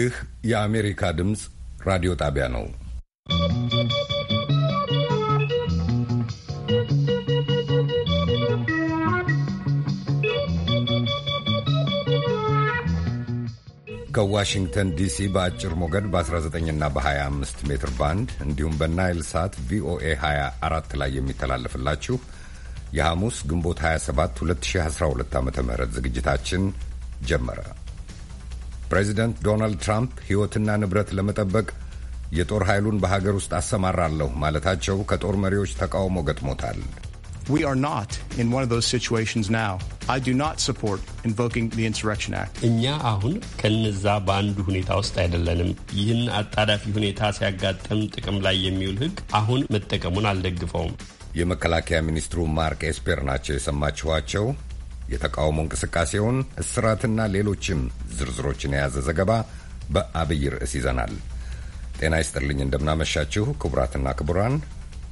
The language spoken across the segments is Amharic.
ይህ የአሜሪካ ድምፅ ራዲዮ ጣቢያ ነው። ከዋሽንግተን ዲሲ በአጭር ሞገድ በ19ና በ25 ሜትር ባንድ እንዲሁም በናይል ሳት ቪኦኤ 24 ላይ የሚተላለፍላችሁ የሐሙስ ግንቦት 27 2012 ዓ ም ዝግጅታችን ጀመረ። ፕሬዚደንት ዶናልድ ትራምፕ ሕይወትና ንብረት ለመጠበቅ የጦር ኃይሉን በሀገር ውስጥ አሰማራለሁ ማለታቸው ከጦር መሪዎች ተቃውሞ ገጥሞታል። እኛ አሁን ከነዛ በአንዱ ሁኔታ ውስጥ አይደለንም። ይህን አጣዳፊ ሁኔታ ሲያጋጥም ጥቅም ላይ የሚውል ሕግ አሁን መጠቀሙን አልደግፈውም። የመከላከያ ሚኒስትሩ ማርክ ኤስፔር ናቸው የሰማችኋቸው። የተቃውሞ እንቅስቃሴውን፣ እስራትና ሌሎችም ዝርዝሮችን የያዘ ዘገባ በአብይ ርዕስ ይዘናል። ጤና ይስጥልኝ፣ እንደምናመሻችሁ ክቡራትና ክቡራን።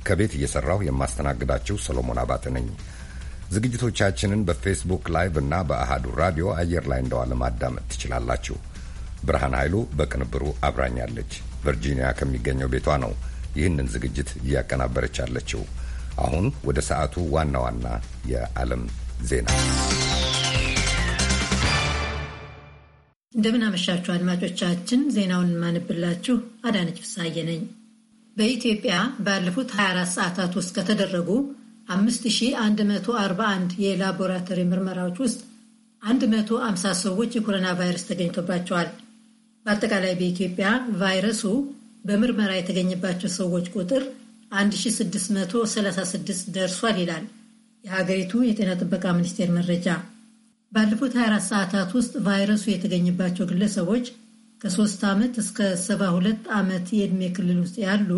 ከቤት እየሰራሁ የማስተናግዳችሁ ሰሎሞን አባተ ነኝ። ዝግጅቶቻችንን በፌስቡክ ላይቭ እና በአሃዱ ራዲዮ አየር ላይ እንደዋለ ማዳመጥ ትችላላችሁ። ብርሃን ኃይሉ በቅንብሩ አብራኛለች። ቨርጂኒያ ከሚገኘው ቤቷ ነው ይህንን ዝግጅት እያቀናበረች ያለችው። አሁን ወደ ሰዓቱ ዋና ዋና የዓለም ዜና። እንደምናመሻችሁ አድማጮቻችን፣ ዜናውን የማንብላችሁ አዳነች ፍሳዬ ነኝ። በኢትዮጵያ ባለፉት 24 ሰዓታት ውስጥ ከተደረጉ 5141 የላቦራቶሪ ምርመራዎች ውስጥ 150 ሰዎች የኮሮና ቫይረስ ተገኝቶባቸዋል። በአጠቃላይ በኢትዮጵያ ቫይረሱ በምርመራ የተገኘባቸው ሰዎች ቁጥር 1636 ደርሷል ይላል የሀገሪቱ የጤና ጥበቃ ሚኒስቴር መረጃ ባለፉት 24 ሰዓታት ውስጥ ቫይረሱ የተገኘባቸው ግለሰቦች ከሶስት ዓመት እስከ 72 ዓመት የዕድሜ ክልል ውስጥ ያሉ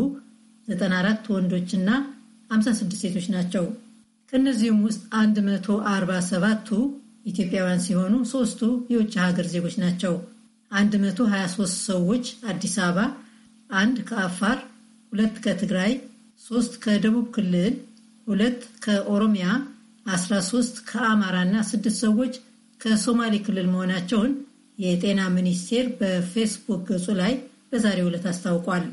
94 ወንዶችና 56 ሴቶች ናቸው። ከእነዚህም ውስጥ 147ቱ ኢትዮጵያውያን ሲሆኑ ሶስቱ የውጭ ሀገር ዜጎች ናቸው። 123 ሰዎች አዲስ አበባ፣ አንድ ከአፋር፣ ሁለት ከትግራይ፣ ሶስት ከደቡብ ክልል ሁለት ከኦሮሚያ፣ 13 ከአማራ እና ስድስት ሰዎች ከሶማሌ ክልል መሆናቸውን የጤና ሚኒስቴር በፌስቡክ ገጹ ላይ በዛሬው ዕለት አስታውቋል።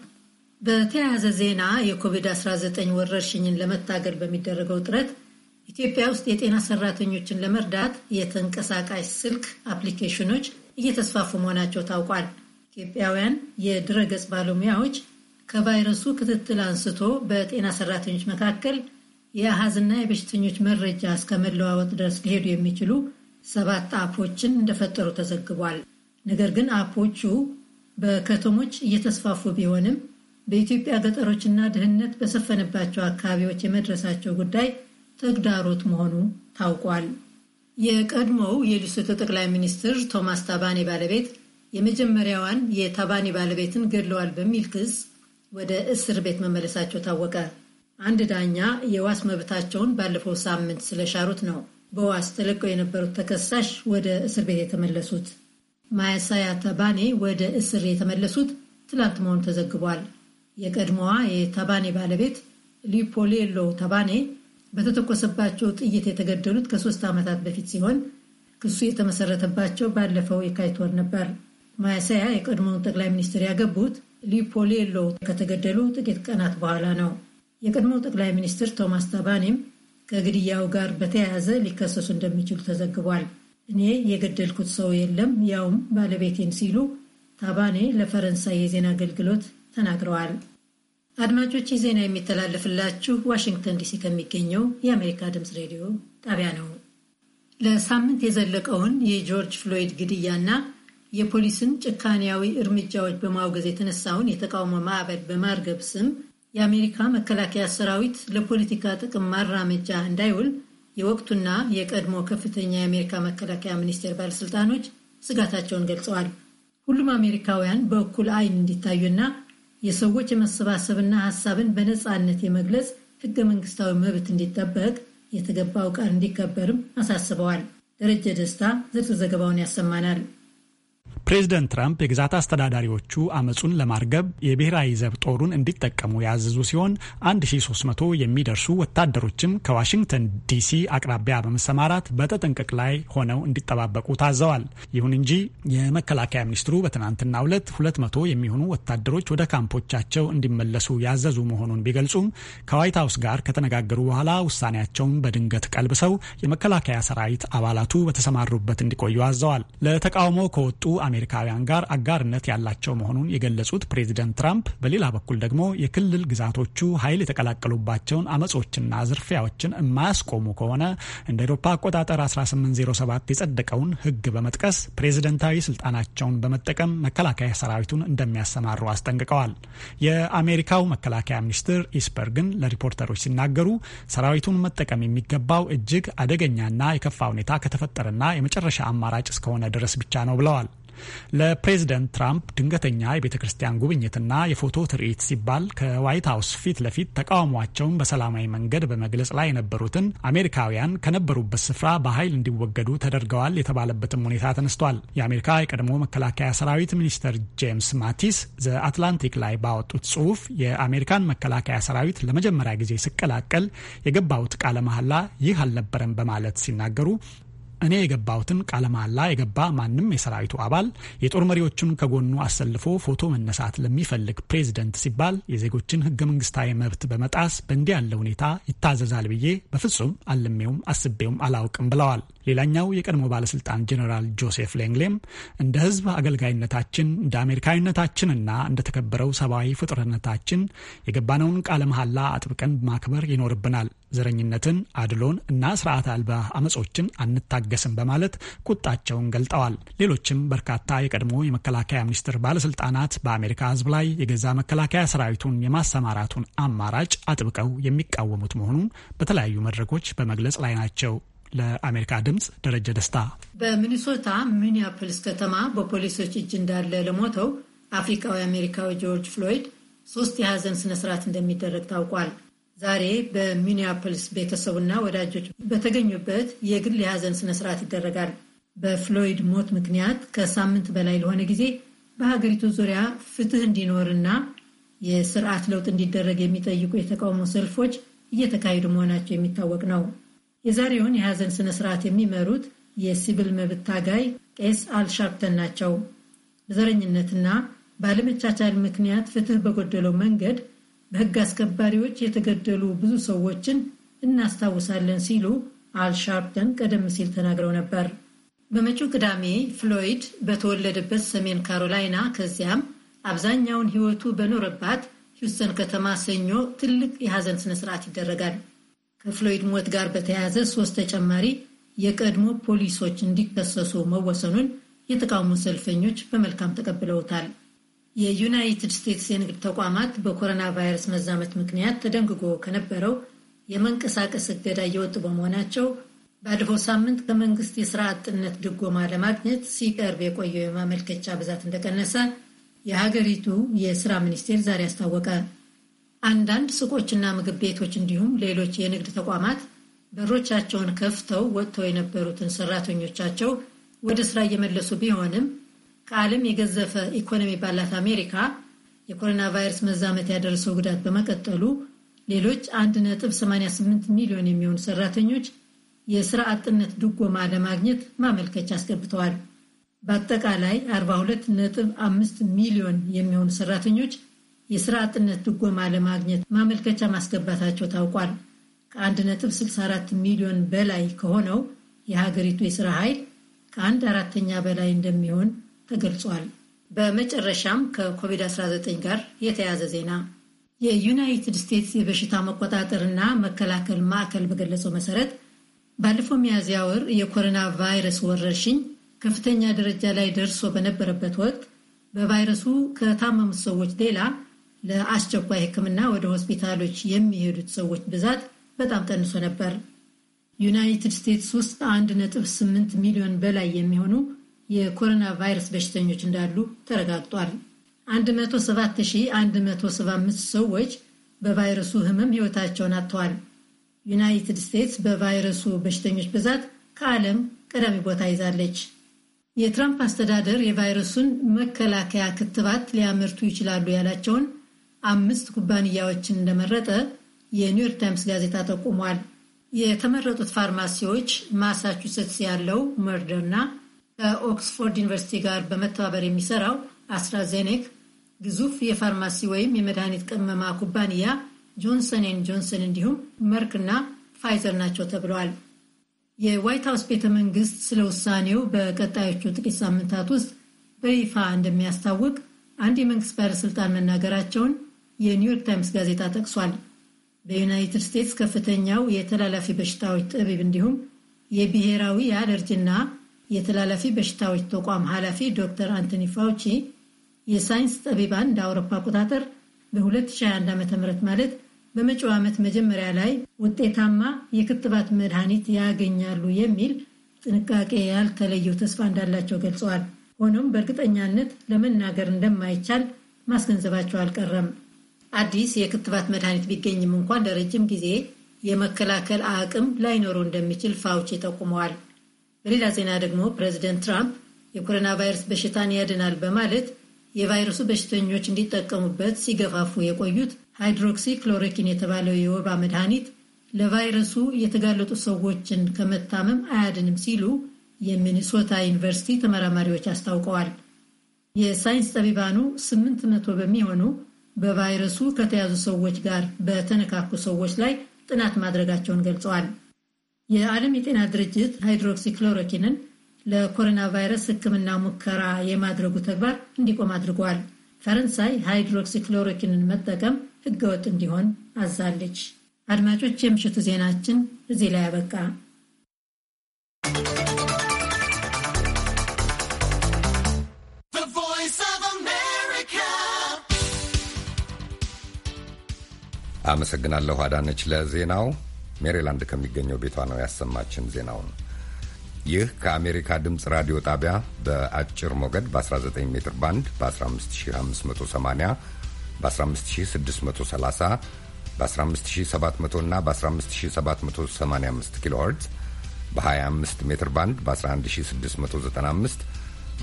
በተያያዘ ዜና የኮቪድ-19 ወረርሽኝን ለመታገል በሚደረገው ጥረት ኢትዮጵያ ውስጥ የጤና ሰራተኞችን ለመርዳት የተንቀሳቃሽ ስልክ አፕሊኬሽኖች እየተስፋፉ መሆናቸው ታውቋል። ኢትዮጵያውያን የድረገጽ ባለሙያዎች ከቫይረሱ ክትትል አንስቶ በጤና ሰራተኞች መካከል የአሃዝና የበሽተኞች መረጃ እስከ መለዋወጥ ድረስ ሊሄዱ የሚችሉ ሰባት አፖችን እንደፈጠሩ ተዘግቧል። ነገር ግን አፖቹ በከተሞች እየተስፋፉ ቢሆንም በኢትዮጵያ ገጠሮችና ድህነት በሰፈነባቸው አካባቢዎች የመድረሳቸው ጉዳይ ተግዳሮት መሆኑ ታውቋል። የቀድሞው የሌሶቶ ጠቅላይ ሚኒስትር ቶማስ ታባኔ ባለቤት የመጀመሪያዋን የታባኔ ባለቤትን ገድለዋል በሚል ክስ ወደ እስር ቤት መመለሳቸው ታወቀ። አንድ ዳኛ የዋስ መብታቸውን ባለፈው ሳምንት ስለሻሩት ነው በዋስ ተለቀው የነበሩት ተከሳሽ ወደ እስር ቤት የተመለሱት። ማያሳያ ተባኔ ወደ እስር የተመለሱት ትላንት መሆኑ ተዘግቧል። የቀድሞዋ የተባኔ ባለቤት ሊፖሌሎ ተባኔ በተተኮሰባቸው ጥይት የተገደሉት ከሶስት ዓመታት በፊት ሲሆን ክሱ የተመሰረተባቸው ባለፈው የካቲት ወር ነበር። ማያሳያ የቀድሞውን ጠቅላይ ሚኒስትር ያገቡት ሊፖሌሎ ከተገደሉ ጥቂት ቀናት በኋላ ነው። የቀድሞው ጠቅላይ ሚኒስትር ቶማስ ታባኔም ከግድያው ጋር በተያያዘ ሊከሰሱ እንደሚችሉ ተዘግቧል። እኔ የገደልኩት ሰው የለም ያውም ባለቤቴን ሲሉ ታባኔ ለፈረንሳይ የዜና አገልግሎት ተናግረዋል። አድማጮች፣ ዜና የሚተላለፍላችሁ ዋሽንግተን ዲሲ ከሚገኘው የአሜሪካ ድምፅ ሬዲዮ ጣቢያ ነው። ለሳምንት የዘለቀውን የጆርጅ ፍሎይድ ግድያና የፖሊስን ጭካኔያዊ እርምጃዎች በማውገዝ የተነሳውን የተቃውሞ ማዕበል በማርገብ ስም የአሜሪካ መከላከያ ሰራዊት ለፖለቲካ ጥቅም ማራመጃ እንዳይውል የወቅቱና የቀድሞ ከፍተኛ የአሜሪካ መከላከያ ሚኒስቴር ባለስልጣኖች ስጋታቸውን ገልጸዋል። ሁሉም አሜሪካውያን በእኩል ዓይን እንዲታዩና የሰዎች የመሰባሰብና ሀሳብን በነፃነት የመግለጽ ህገ መንግስታዊ መብት እንዲጠበቅ የተገባው ቃል እንዲከበርም አሳስበዋል። ደረጀ ደስታ ዝርዝር ዘገባውን ያሰማናል። ፕሬዚደንት ትራምፕ የግዛት አስተዳዳሪዎቹ አመፁን ለማርገብ የብሔራዊ ዘብ ጦሩን እንዲጠቀሙ ያዘዙ ሲሆን 1300 የሚደርሱ ወታደሮችም ከዋሽንግተን ዲሲ አቅራቢያ በመሰማራት በተጠንቀቅ ላይ ሆነው እንዲጠባበቁ ታዘዋል። ይሁን እንጂ የመከላከያ ሚኒስትሩ በትናንትናው ዕለት 200 የሚሆኑ ወታደሮች ወደ ካምፖቻቸው እንዲመለሱ ያዘዙ መሆኑን ቢገልጹም ከዋይት ሀውስ ጋር ከተነጋገሩ በኋላ ውሳኔያቸውን በድንገት ቀልብሰው የመከላከያ ሰራዊት አባላቱ በተሰማሩበት እንዲቆዩ አዘዋል። ለተቃውሞ ከወጡ ከአሜሪካውያን ጋር አጋርነት ያላቸው መሆኑን የገለጹት ፕሬዚደንት ትራምፕ በሌላ በኩል ደግሞ የክልል ግዛቶቹ ኃይል የተቀላቀሉባቸውን አመጾችና ዝርፊያዎችን የማያስቆሙ ከሆነ እንደ ኤሮፓ አቆጣጠር 1807 የጸደቀውን ሕግ በመጥቀስ ፕሬዝደንታዊ ስልጣናቸውን በመጠቀም መከላከያ ሰራዊቱን እንደሚያሰማሩ አስጠንቅቀዋል። የአሜሪካው መከላከያ ሚኒስትር ኢስፐር ግን ለሪፖርተሮች ሲናገሩ ሰራዊቱን መጠቀም የሚገባው እጅግ አደገኛና የከፋ ሁኔታ ከተፈጠረና የመጨረሻ አማራጭ እስከሆነ ድረስ ብቻ ነው ብለዋል። ለፕሬዝደንት ትራምፕ ድንገተኛ የቤተ ክርስቲያን ጉብኝትና የፎቶ ትርኢት ሲባል ከዋይት ሀውስ ፊት ለፊት ተቃውሟቸውን በሰላማዊ መንገድ በመግለጽ ላይ የነበሩትን አሜሪካውያን ከነበሩበት ስፍራ በኃይል እንዲወገዱ ተደርገዋል የተባለበትም ሁኔታ ተነስቷል። የአሜሪካ የቀድሞ መከላከያ ሰራዊት ሚኒስትር ጄምስ ማቲስ ዘ አትላንቲክ ላይ ባወጡት ጽሁፍ የአሜሪካን መከላከያ ሰራዊት ለመጀመሪያ ጊዜ ስቀላቀል የገባሁት ቃለ መሐላ ይህ አልነበረም በማለት ሲናገሩ እኔ የገባሁትን ቃለ መሐላ የገባ ማንም የሰራዊቱ አባል የጦር መሪዎቹን ከጎኑ አሰልፎ ፎቶ መነሳት ለሚፈልግ ፕሬዚደንት ሲባል የዜጎችን ሕገ መንግስታዊ መብት በመጣስ በእንዲህ ያለ ሁኔታ ይታዘዛል ብዬ በፍጹም አልሜውም አስቤውም አላውቅም ብለዋል። ሌላኛው የቀድሞ ባለስልጣን ጀኔራል ጆሴፍ ሌንግሌም እንደ ህዝብ አገልጋይነታችን እንደ አሜሪካዊነታችንና እንደተከበረው ሰብአዊ ፍጡርነታችን የገባነውን ቃለ መሐላ አጥብቀን ማክበር ይኖርብናል። ዘረኝነትን፣ አድሎን እና ስርዓት አልባ አመጾችን አንታገስም በማለት ቁጣቸውን ገልጠዋል። ሌሎችም በርካታ የቀድሞ የመከላከያ ሚኒስቴር ባለስልጣናት በአሜሪካ ሕዝብ ላይ የገዛ መከላከያ ሰራዊቱን የማሰማራቱን አማራጭ አጥብቀው የሚቃወሙት መሆኑን በተለያዩ መድረኮች በመግለጽ ላይ ናቸው። ለአሜሪካ ድምፅ ደረጀ ደስታ። በሚኒሶታ ሚኒያፖሊስ ከተማ በፖሊሶች እጅ እንዳለ ለሞተው አፍሪካዊ አሜሪካዊ ጆርጅ ፍሎይድ ሶስት የሀዘን ስነስርዓት እንደሚደረግ ታውቋል። ዛሬ በሚኒያፖሊስ ቤተሰቡና ወዳጆች በተገኙበት የግል የሐዘን ስነ ስርዓት ይደረጋል። በፍሎይድ ሞት ምክንያት ከሳምንት በላይ ለሆነ ጊዜ በሀገሪቱ ዙሪያ ፍትህ እንዲኖርና የስርዓት ለውጥ እንዲደረግ የሚጠይቁ የተቃውሞ ሰልፎች እየተካሄዱ መሆናቸው የሚታወቅ ነው። የዛሬውን የሐዘን ስነ ስርዓት የሚመሩት የሲቪል መብት ታጋይ ቄስ አልሻርፕተን ናቸው። በዘረኝነትና ባለመቻቻል ምክንያት ፍትህ በጎደለው መንገድ በህግ አስከባሪዎች የተገደሉ ብዙ ሰዎችን እናስታውሳለን ሲሉ አልሻርፕተን ቀደም ሲል ተናግረው ነበር። በመጪው ቅዳሜ ፍሎይድ በተወለደበት ሰሜን ካሮላይና ከዚያም አብዛኛውን ሕይወቱ በኖረባት ሂውስተን ከተማ ሰኞ ትልቅ የሐዘን ስነ ስርዓት ይደረጋል። ከፍሎይድ ሞት ጋር በተያያዘ ሶስት ተጨማሪ የቀድሞ ፖሊሶች እንዲከሰሱ መወሰኑን የተቃውሞ ሰልፈኞች በመልካም ተቀብለውታል። የዩናይትድ ስቴትስ የንግድ ተቋማት በኮሮና ቫይረስ መዛመት ምክንያት ተደንግጎ ከነበረው የመንቀሳቀስ እገዳ እየወጡ በመሆናቸው ባለፈው ሳምንት ከመንግስት የስራ አጥነት ድጎማ ለማግኘት ሲቀርብ የቆየው የማመልከቻ ብዛት እንደቀነሰ የሀገሪቱ የስራ ሚኒስቴር ዛሬ አስታወቀ። አንዳንድ ሱቆችና ምግብ ቤቶች እንዲሁም ሌሎች የንግድ ተቋማት በሮቻቸውን ከፍተው ወጥተው የነበሩትን ሰራተኞቻቸው ወደ ስራ እየመለሱ ቢሆንም ከዓለም የገዘፈ ኢኮኖሚ ባላት አሜሪካ የኮሮና ቫይረስ መዛመት ያደረሰው ጉዳት በመቀጠሉ ሌሎች 1.88 ሚሊዮን የሚሆኑ ሰራተኞች የስራ አጥነት ድጎማ ለማግኘት ማመልከቻ አስገብተዋል። በአጠቃላይ 42.5 ሚሊዮን የሚሆኑ ሰራተኞች የስራ አጥነት ድጎማ ለማግኘት ማመልከቻ ማስገባታቸው ታውቋል። ከ1.64 ሚሊዮን በላይ ከሆነው የሀገሪቱ የስራ ኃይል ከአንድ አራተኛ በላይ እንደሚሆን ተገልጿል። በመጨረሻም ከኮቪድ-19 ጋር የተያያዘ ዜና የዩናይትድ ስቴትስ የበሽታ መቆጣጠርና መከላከል ማዕከል በገለጸው መሰረት ባለፈው ሚያዝያ ወር የኮሮና ቫይረስ ወረርሽኝ ከፍተኛ ደረጃ ላይ ደርሶ በነበረበት ወቅት በቫይረሱ ከታመሙት ሰዎች ሌላ ለአስቸኳይ ሕክምና ወደ ሆስፒታሎች የሚሄዱት ሰዎች ብዛት በጣም ቀንሶ ነበር። ዩናይትድ ስቴትስ ውስጥ 1.8 ሚሊዮን በላይ የሚሆኑ የኮሮና ቫይረስ በሽተኞች እንዳሉ ተረጋግጧል። 107175 ሰዎች በቫይረሱ ህመም ህይወታቸውን አጥተዋል። ዩናይትድ ስቴትስ በቫይረሱ በሽተኞች ብዛት ከዓለም ቀዳሚ ቦታ ይዛለች። የትራምፕ አስተዳደር የቫይረሱን መከላከያ ክትባት ሊያመርቱ ይችላሉ ያላቸውን አምስት ኩባንያዎችን እንደመረጠ የኒውዮርክ ታይምስ ጋዜጣ ጠቁሟል። የተመረጡት ፋርማሲዎች ማሳቹሴትስ ያለው መርደርና ከኦክስፎርድ ዩኒቨርሲቲ ጋር በመተባበር የሚሰራው አስትራዜኔክ ግዙፍ የፋርማሲ ወይም የመድኃኒት ቅመማ ኩባንያ ጆንሰን ጆንሰን እንዲሁም መርክና ፋይዘር ናቸው ተብለዋል። የዋይት ሀውስ ቤተ መንግስት ስለ ውሳኔው በቀጣዮቹ ጥቂት ሳምንታት ውስጥ በይፋ እንደሚያስታውቅ አንድ የመንግስት ባለስልጣን መናገራቸውን የኒውዮርክ ታይምስ ጋዜጣ ጠቅሷል። በዩናይትድ ስቴትስ ከፍተኛው የተላላፊ በሽታዎች ጥብብ እንዲሁም የብሔራዊ የአለርጂና የተላላፊ በሽታዎች ተቋም ኃላፊ ዶክተር አንቶኒ ፋውቺ የሳይንስ ጠቢባን እንደ አውሮፓ አቆጣጠር በ2021 ዓ.ም ማለት በመጪው ዓመት መጀመሪያ ላይ ውጤታማ የክትባት መድኃኒት ያገኛሉ የሚል ጥንቃቄ ያልተለየው ተስፋ እንዳላቸው ገልጸዋል። ሆኖም በእርግጠኛነት ለመናገር እንደማይቻል ማስገንዘባቸው አልቀረም። አዲስ የክትባት መድኃኒት ቢገኝም እንኳን ለረጅም ጊዜ የመከላከል አቅም ላይኖረው እንደሚችል ፋውቺ ጠቁመዋል። በሌላ ዜና ደግሞ ፕሬዚደንት ትራምፕ የኮሮና ቫይረስ በሽታን ያድናል በማለት የቫይረሱ በሽተኞች እንዲጠቀሙበት ሲገፋፉ የቆዩት ሃይድሮክሲ ክሎሮኪን የተባለው የወባ መድኃኒት ለቫይረሱ የተጋለጡ ሰዎችን ከመታመም አያድንም ሲሉ የሚኒሶታ ዩኒቨርሲቲ ተመራማሪዎች አስታውቀዋል። የሳይንስ ጠቢባኑ ስምንት መቶ በሚሆኑ በቫይረሱ ከተያዙ ሰዎች ጋር በተነካኩ ሰዎች ላይ ጥናት ማድረጋቸውን ገልጸዋል። የዓለም የጤና ድርጅት ሃይድሮክሲክሎሮኪንን ለኮሮና ቫይረስ ሕክምና ሙከራ የማድረጉ ተግባር እንዲቆም አድርጓል። ፈረንሳይ ሃይድሮክሲክሎሮኪንን መጠቀም ህገወጥ እንዲሆን አዛለች። አድማጮች፣ የምሽቱ ዜናችን እዚህ ላይ አበቃ። አመሰግናለሁ አዳነች ለዜናው። ሜሪላንድ ከሚገኘው ቤቷ ነው ያሰማችን ዜናውን። ይህ ከአሜሪካ ድምፅ ራዲዮ ጣቢያ በአጭር ሞገድ በ19 ሜትር ባንድ በ15580 በ15630 በ15700 እና በ15785 ኪሎ ሄርትዝ በ25 ሜትር ባንድ በ11695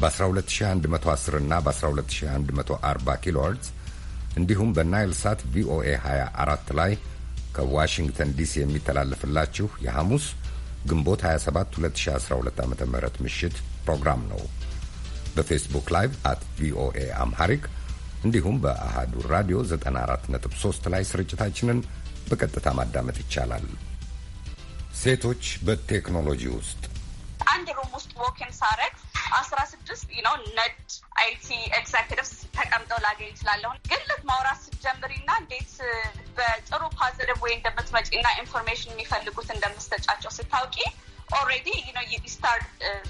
በ12110 እና በ12140 ኪሎ ሄርትዝ እንዲሁም በናይል ሳት ቪኦኤ 24 ላይ ከዋሽንግተን ዲሲ የሚተላለፍላችሁ የሐሙስ ግንቦት 27 2012 ዓ ም ምሽት ፕሮግራም ነው። በፌስቡክ ላይቭ አት ቪኦኤ አምሃሪክ እንዲሁም በአሃዱ ራዲዮ 94.3 ላይ ስርጭታችንን በቀጥታ ማዳመጥ ይቻላል። ሴቶች በቴክኖሎጂ ውስጥ አንድ ሩም ውስጥ ወክን ሳረግ አስራ ስድስት ነው ነድ አይቲ ኤግዘኪቲቭስ ተቀምጠው ላገኝ ይችላለሁ። ግን ልክ ማውራት ስትጀምሪና እንዴት uh, በጥሩ ፓዘቲቭ ወይ እንደምትመጪና ኢንፎርሜሽን የሚፈልጉት እንደምትሰጫቸው ስታውቂ ኦልሬዲ ስታርት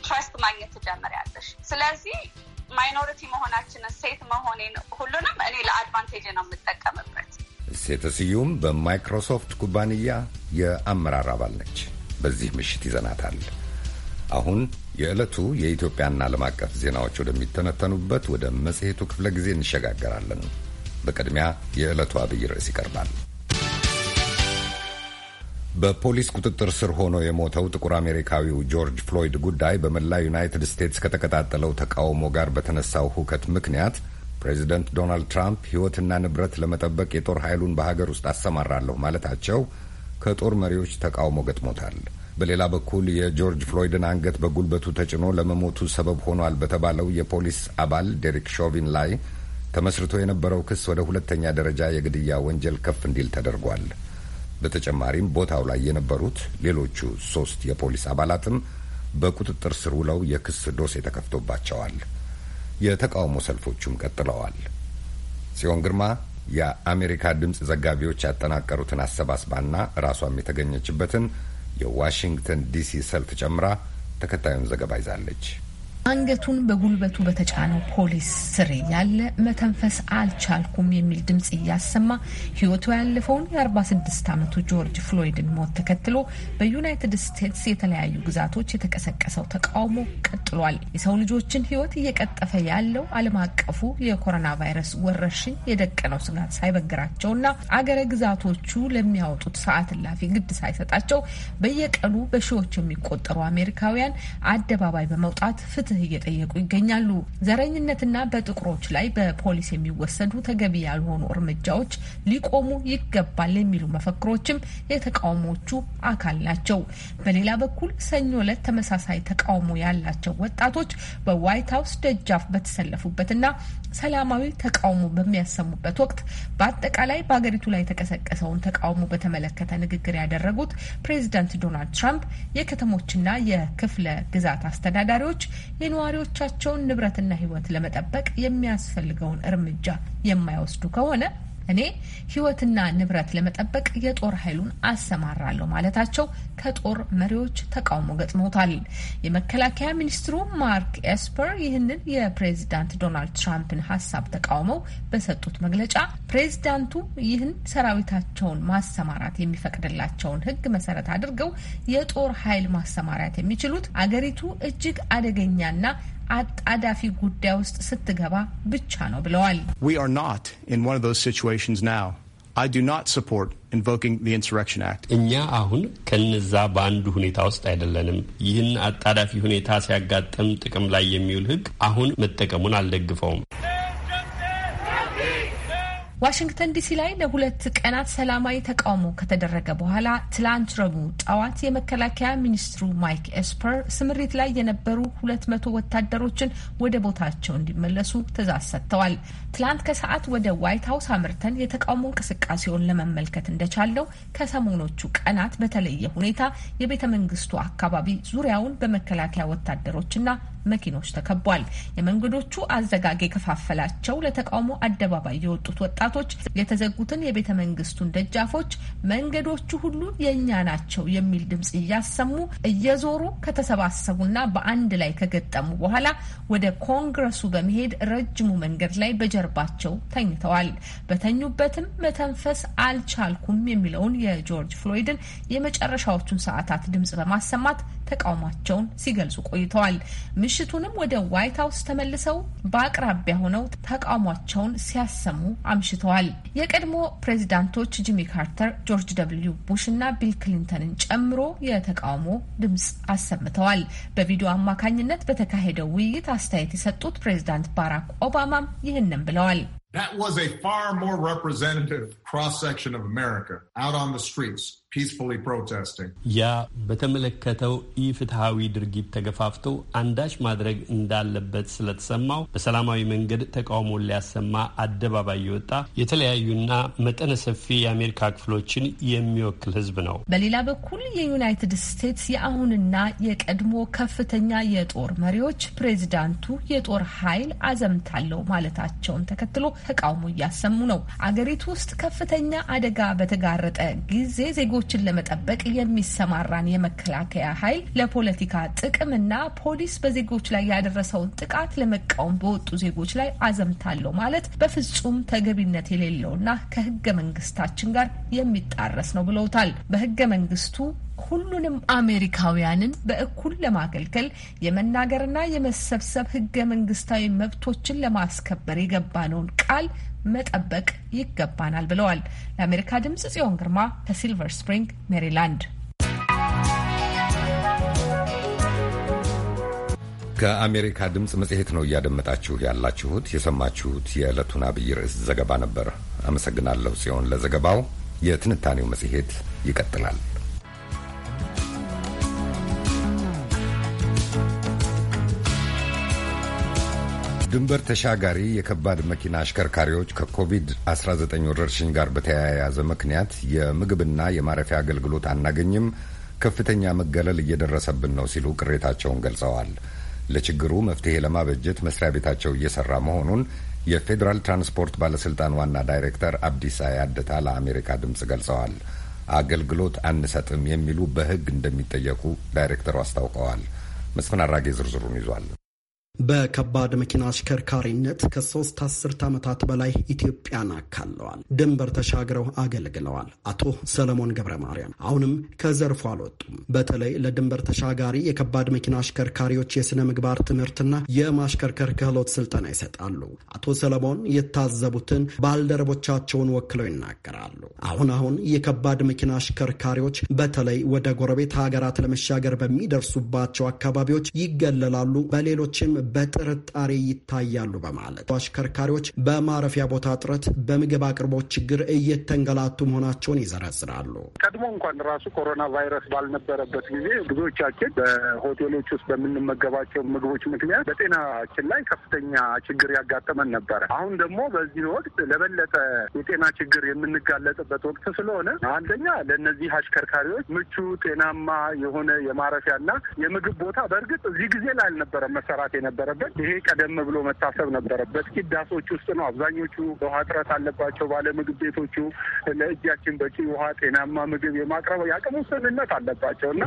ትረስት ማግኘት ትጀምሪያለሽ። ስለዚህ ማይኖሪቲ መሆናችንን ሴት መሆኔን ሁሉንም እኔ ለአድቫንቴጅ ነው የምጠቀምበት። ሴት ስዩም በማይክሮሶፍት ኩባንያ የአመራር አባል ነች። በዚህ ምሽት ይዘናታል። አሁን የዕለቱ የኢትዮጵያና ዓለም አቀፍ ዜናዎች ወደሚተነተኑበት ወደ መጽሔቱ ክፍለ ጊዜ እንሸጋገራለን። በቅድሚያ የዕለቱ አብይ ርዕስ ይቀርባል። በፖሊስ ቁጥጥር ስር ሆኖ የሞተው ጥቁር አሜሪካዊው ጆርጅ ፍሎይድ ጉዳይ በመላ ዩናይትድ ስቴትስ ከተቀጣጠለው ተቃውሞ ጋር በተነሳው ሁከት ምክንያት ፕሬዚደንት ዶናልድ ትራምፕ ሕይወትና ንብረት ለመጠበቅ የጦር ኃይሉን በሀገር ውስጥ አሰማራለሁ ማለታቸው ከጦር መሪዎች ተቃውሞ ገጥሞታል። በሌላ በኩል የጆርጅ ፍሎይድን አንገት በጉልበቱ ተጭኖ ለመሞቱ ሰበብ ሆኗል በተባለው የፖሊስ አባል ዴሪክ ሾቪን ላይ ተመስርቶ የነበረው ክስ ወደ ሁለተኛ ደረጃ የግድያ ወንጀል ከፍ እንዲል ተደርጓል። በተጨማሪም ቦታው ላይ የነበሩት ሌሎቹ ሶስት የፖሊስ አባላትም በቁጥጥር ስር ውለው የክስ ዶሴ ተከፍቶባቸዋል። የተቃውሞ ሰልፎቹም ቀጥለዋል። ጽዮን ግርማ የአሜሪካ ድምፅ ዘጋቢዎች ያጠናቀሩትን አሰባስባና ራሷም የተገኘችበትን የዋሽንግተን ዲሲ ሰልፍ ጨምራ ተከታዩን ዘገባ ይዛለች። አንገቱን በጉልበቱ በተጫነው ፖሊስ ስር ያለ መተንፈስ አልቻልኩም የሚል ድምፅ እያሰማ ሕይወቱ ያለፈውን የ46 ዓመቱ ጆርጅ ፍሎይድን ሞት ተከትሎ በዩናይትድ ስቴትስ የተለያዩ ግዛቶች የተቀሰቀሰው ተቃውሞ ቀጥሏል። የሰው ልጆችን ሕይወት እየቀጠፈ ያለው ዓለም አቀፉ የኮሮና ቫይረስ ወረርሽኝ የደቀነው ስጋት ሳይበግራቸውና አገረ ግዛቶቹ ለሚያወጡት ሰዓት እላፊ ግድ ሳይሰጣቸው በየቀኑ በሺዎች የሚቆጠሩ አሜሪካውያን አደባባይ በመውጣት ፍትህ ፍትህ እየጠየቁ ይገኛሉ። ዘረኝነትና በጥቁሮች ላይ በፖሊስ የሚወሰዱ ተገቢ ያልሆኑ እርምጃዎች ሊቆሙ ይገባል የሚሉ መፈክሮችም የተቃውሞቹ አካል ናቸው። በሌላ በኩል ሰኞ ዕለት ተመሳሳይ ተቃውሞ ያላቸው ወጣቶች በዋይት ሀውስ ደጃፍ በተሰለፉበትና ሰላማዊ ተቃውሞ በሚያሰሙበት ወቅት በአጠቃላይ በሀገሪቱ ላይ የተቀሰቀሰውን ተቃውሞ በተመለከተ ንግግር ያደረጉት ፕሬዚዳንት ዶናልድ ትራምፕ የከተሞችና የክፍለ ግዛት አስተዳዳሪዎች የነዋሪዎቻቸውን ንብረትና ሕይወት ለመጠበቅ የሚያስፈልገውን እርምጃ የማይወስዱ ከሆነ እኔ ህይወትና ንብረት ለመጠበቅ የጦር ኃይሉን አሰማራለሁ ማለታቸው ከጦር መሪዎች ተቃውሞ ገጥሞታል። የመከላከያ ሚኒስትሩ ማርክ ኤስፐር ይህንን የፕሬዚዳንት ዶናልድ ትራምፕን ሀሳብ ተቃውመው በሰጡት መግለጫ ፕሬዚዳንቱ ይህን ሰራዊታቸውን ማሰማራት የሚፈቅድላቸውን ህግ መሰረት አድርገው የጦር ኃይል ማሰማራት የሚችሉት አገሪቱ እጅግ አደገኛና አጣዳፊ ጉዳይ ውስጥ ስትገባ ብቻ ነው ብለዋል። እኛ አሁን ከነዛ በአንዱ ሁኔታ ውስጥ አይደለንም። ይህን አጣዳፊ ሁኔታ ሲያጋጥም ጥቅም ላይ የሚውል ሕግ አሁን መጠቀሙን አልደግፈውም። ዋሽንግተን ዲሲ ላይ ለሁለት ቀናት ሰላማዊ ተቃውሞ ከተደረገ በኋላ ትላንት ረቡዕ ጠዋት የመከላከያ ሚኒስትሩ ማይክ ኤስፐር ስምሪት ላይ የነበሩ ሁለት መቶ ወታደሮችን ወደ ቦታቸው እንዲመለሱ ትዕዛዝ ሰጥተዋል። ትላንት ከሰዓት ወደ ዋይት ሀውስ አምርተን የተቃውሞ እንቅስቃሴውን ለመመልከት እንደቻለው ከሰሞኖቹ ቀናት በተለየ ሁኔታ የቤተ መንግስቱ አካባቢ ዙሪያውን በመከላከያ ወታደሮችና መኪኖች ተከቧል። የመንገዶቹ አዘጋጌ የከፋፈላቸው ለተቃውሞ አደባባይ የወጡት ወጣቶች የተዘጉትን የቤተ መንግስቱን ደጃፎች መንገዶቹ ሁሉ የእኛ ናቸው የሚል ድምጽ እያሰሙ እየዞሩ ከተሰባሰቡና በአንድ ላይ ከገጠሙ በኋላ ወደ ኮንግረሱ በመሄድ ረጅሙ መንገድ ላይ በጀርባቸው ተኝተዋል። በተኙበትም መተንፈስ አልቻልኩም የሚለውን የጆርጅ ፍሎይድን የመጨረሻዎቹን ሰዓታት ድምጽ በማሰማት ተቃውሟቸውን ሲገልጹ ቆይተዋል። ምሽቱንም ወደ ዋይት ሀውስ ተመልሰው በአቅራቢያ ሆነው ተቃውሟቸውን ሲያሰሙ አምሽተዋል። የቀድሞ ፕሬዚዳንቶች ጂሚ ካርተር፣ ጆርጅ ደብልዩ ቡሽ እና ቢል ክሊንተንን ጨምሮ የተቃውሞ ድምጽ አሰምተዋል። በቪዲዮ አማካኝነት በተካሄደው ውይይት አስተያየት የሰጡት ፕሬዚዳንት ባራክ ኦባማም ይህንን ብለዋል። That was a far more representative cross section of America out on the streets. ያ በተመለከተው ኢፍትሐዊ ድርጊት ተገፋፍቶ አንዳች ማድረግ እንዳለበት ስለተሰማው በሰላማዊ መንገድ ተቃውሞን ሊያሰማ አደባባይ የወጣ የተለያዩና መጠነ ሰፊ የአሜሪካ ክፍሎችን የሚወክል ህዝብ ነው። በሌላ በኩል የዩናይትድ ስቴትስ የአሁንና የቀድሞ ከፍተኛ የጦር መሪዎች ፕሬዚዳንቱ የጦር ኃይል አዘምታለው ማለታቸውን ተከትሎ ተቃውሞ እያሰሙ ነው። አገሪቱ ውስጥ ከፍተኛ አደጋ በተጋረጠ ጊዜ ዜጎ መብቶችን ለመጠበቅ የሚሰማራን የመከላከያ ኃይል ለፖለቲካ ጥቅምና ፖሊስ በዜጎች ላይ ያደረሰውን ጥቃት ለመቃወም በወጡ ዜጎች ላይ አዘምታለሁ ማለት በፍጹም ተገቢነት የሌለውና ከህገ መንግስታችን ጋር የሚጣረስ ነው ብለውታል። በህገ መንግስቱ ሁሉንም አሜሪካውያንን በእኩል ለማገልገል የመናገርና የመሰብሰብ ህገ መንግስታዊ መብቶችን ለማስከበር የገባነውን ቃል መጠበቅ ይገባናል ብለዋል። ለአሜሪካ ድምጽ ጽዮን ግርማ ከሲልቨር ስፕሪንግ ሜሪላንድ። ከአሜሪካ ድምፅ መጽሔት ነው እያደመጣችሁ ያላችሁት። የሰማችሁት የዕለቱን አብይ ርዕስ ዘገባ ነበር። አመሰግናለሁ ጽዮን ለዘገባው። የትንታኔው መጽሔት ይቀጥላል። ድንበር ተሻጋሪ የከባድ መኪና አሽከርካሪዎች ከኮቪድ-19 ወረርሽኝ ጋር በተያያዘ ምክንያት የምግብና የማረፊያ አገልግሎት አናገኝም፣ ከፍተኛ መገለል እየደረሰብን ነው ሲሉ ቅሬታቸውን ገልጸዋል። ለችግሩ መፍትሄ ለማበጀት መስሪያ ቤታቸው እየሰራ መሆኑን የፌዴራል ትራንስፖርት ባለስልጣን ዋና ዳይሬክተር አብዲሳ ያደታ ለአሜሪካ ድምፅ ገልጸዋል። አገልግሎት አንሰጥም የሚሉ በሕግ እንደሚጠየቁ ዳይሬክተሩ አስታውቀዋል። መስፍን አራጌ ዝርዝሩን ይዟል። በከባድ መኪና አሽከርካሪነት ከሶስት አስርት ዓመታት በላይ ኢትዮጵያን አካለዋል። ድንበር ተሻግረው አገልግለዋል። አቶ ሰለሞን ገብረ ማርያም አሁንም ከዘርፉ አልወጡም። በተለይ ለድንበር ተሻጋሪ የከባድ መኪና አሽከርካሪዎች የሥነ ምግባር ትምህርትና የማሽከርከር ክህሎት ስልጠና ይሰጣሉ። አቶ ሰለሞን የታዘቡትን ባልደረቦቻቸውን ወክለው ይናገራሉ። አሁን አሁን የከባድ መኪና አሽከርካሪዎች በተለይ ወደ ጎረቤት ሀገራት ለመሻገር በሚደርሱባቸው አካባቢዎች ይገለላሉ። በሌሎችም በጥርጣሬ ይታያሉ በማለት አሽከርካሪዎች በማረፊያ ቦታ እጥረት፣ በምግብ አቅርቦት ችግር እየተንገላቱ መሆናቸውን ይዘረዝራሉ። ቀድሞ እንኳን ራሱ ኮሮና ቫይረስ ባልነበረበት ጊዜ ብዙዎቻችን በሆቴሎች ውስጥ በምንመገባቸው ምግቦች ምክንያት በጤናችን ላይ ከፍተኛ ችግር ያጋጠመን ነበረ። አሁን ደግሞ በዚህ ወቅት ለበለጠ የጤና ችግር የምንጋለጥበት ወቅት ስለሆነ አንደኛ ለእነዚህ አሽከርካሪዎች ምቹ ጤናማ የሆነ የማረፊያና የምግብ ቦታ በእርግጥ እዚህ ጊዜ ላይ አልነበረ መሰራት የነበረ ነበረበት። ይሄ ቀደም ብሎ መታሰብ ነበረበት። ዳሶች ውስጥ ነው አብዛኞቹ ውሃ እጥረት አለባቸው። ባለምግብ ቤቶቹ ለእጃችን በቂ ውሃ፣ ጤናማ ምግብ የማቅረብ የአቅም ውስንነት አለባቸው እና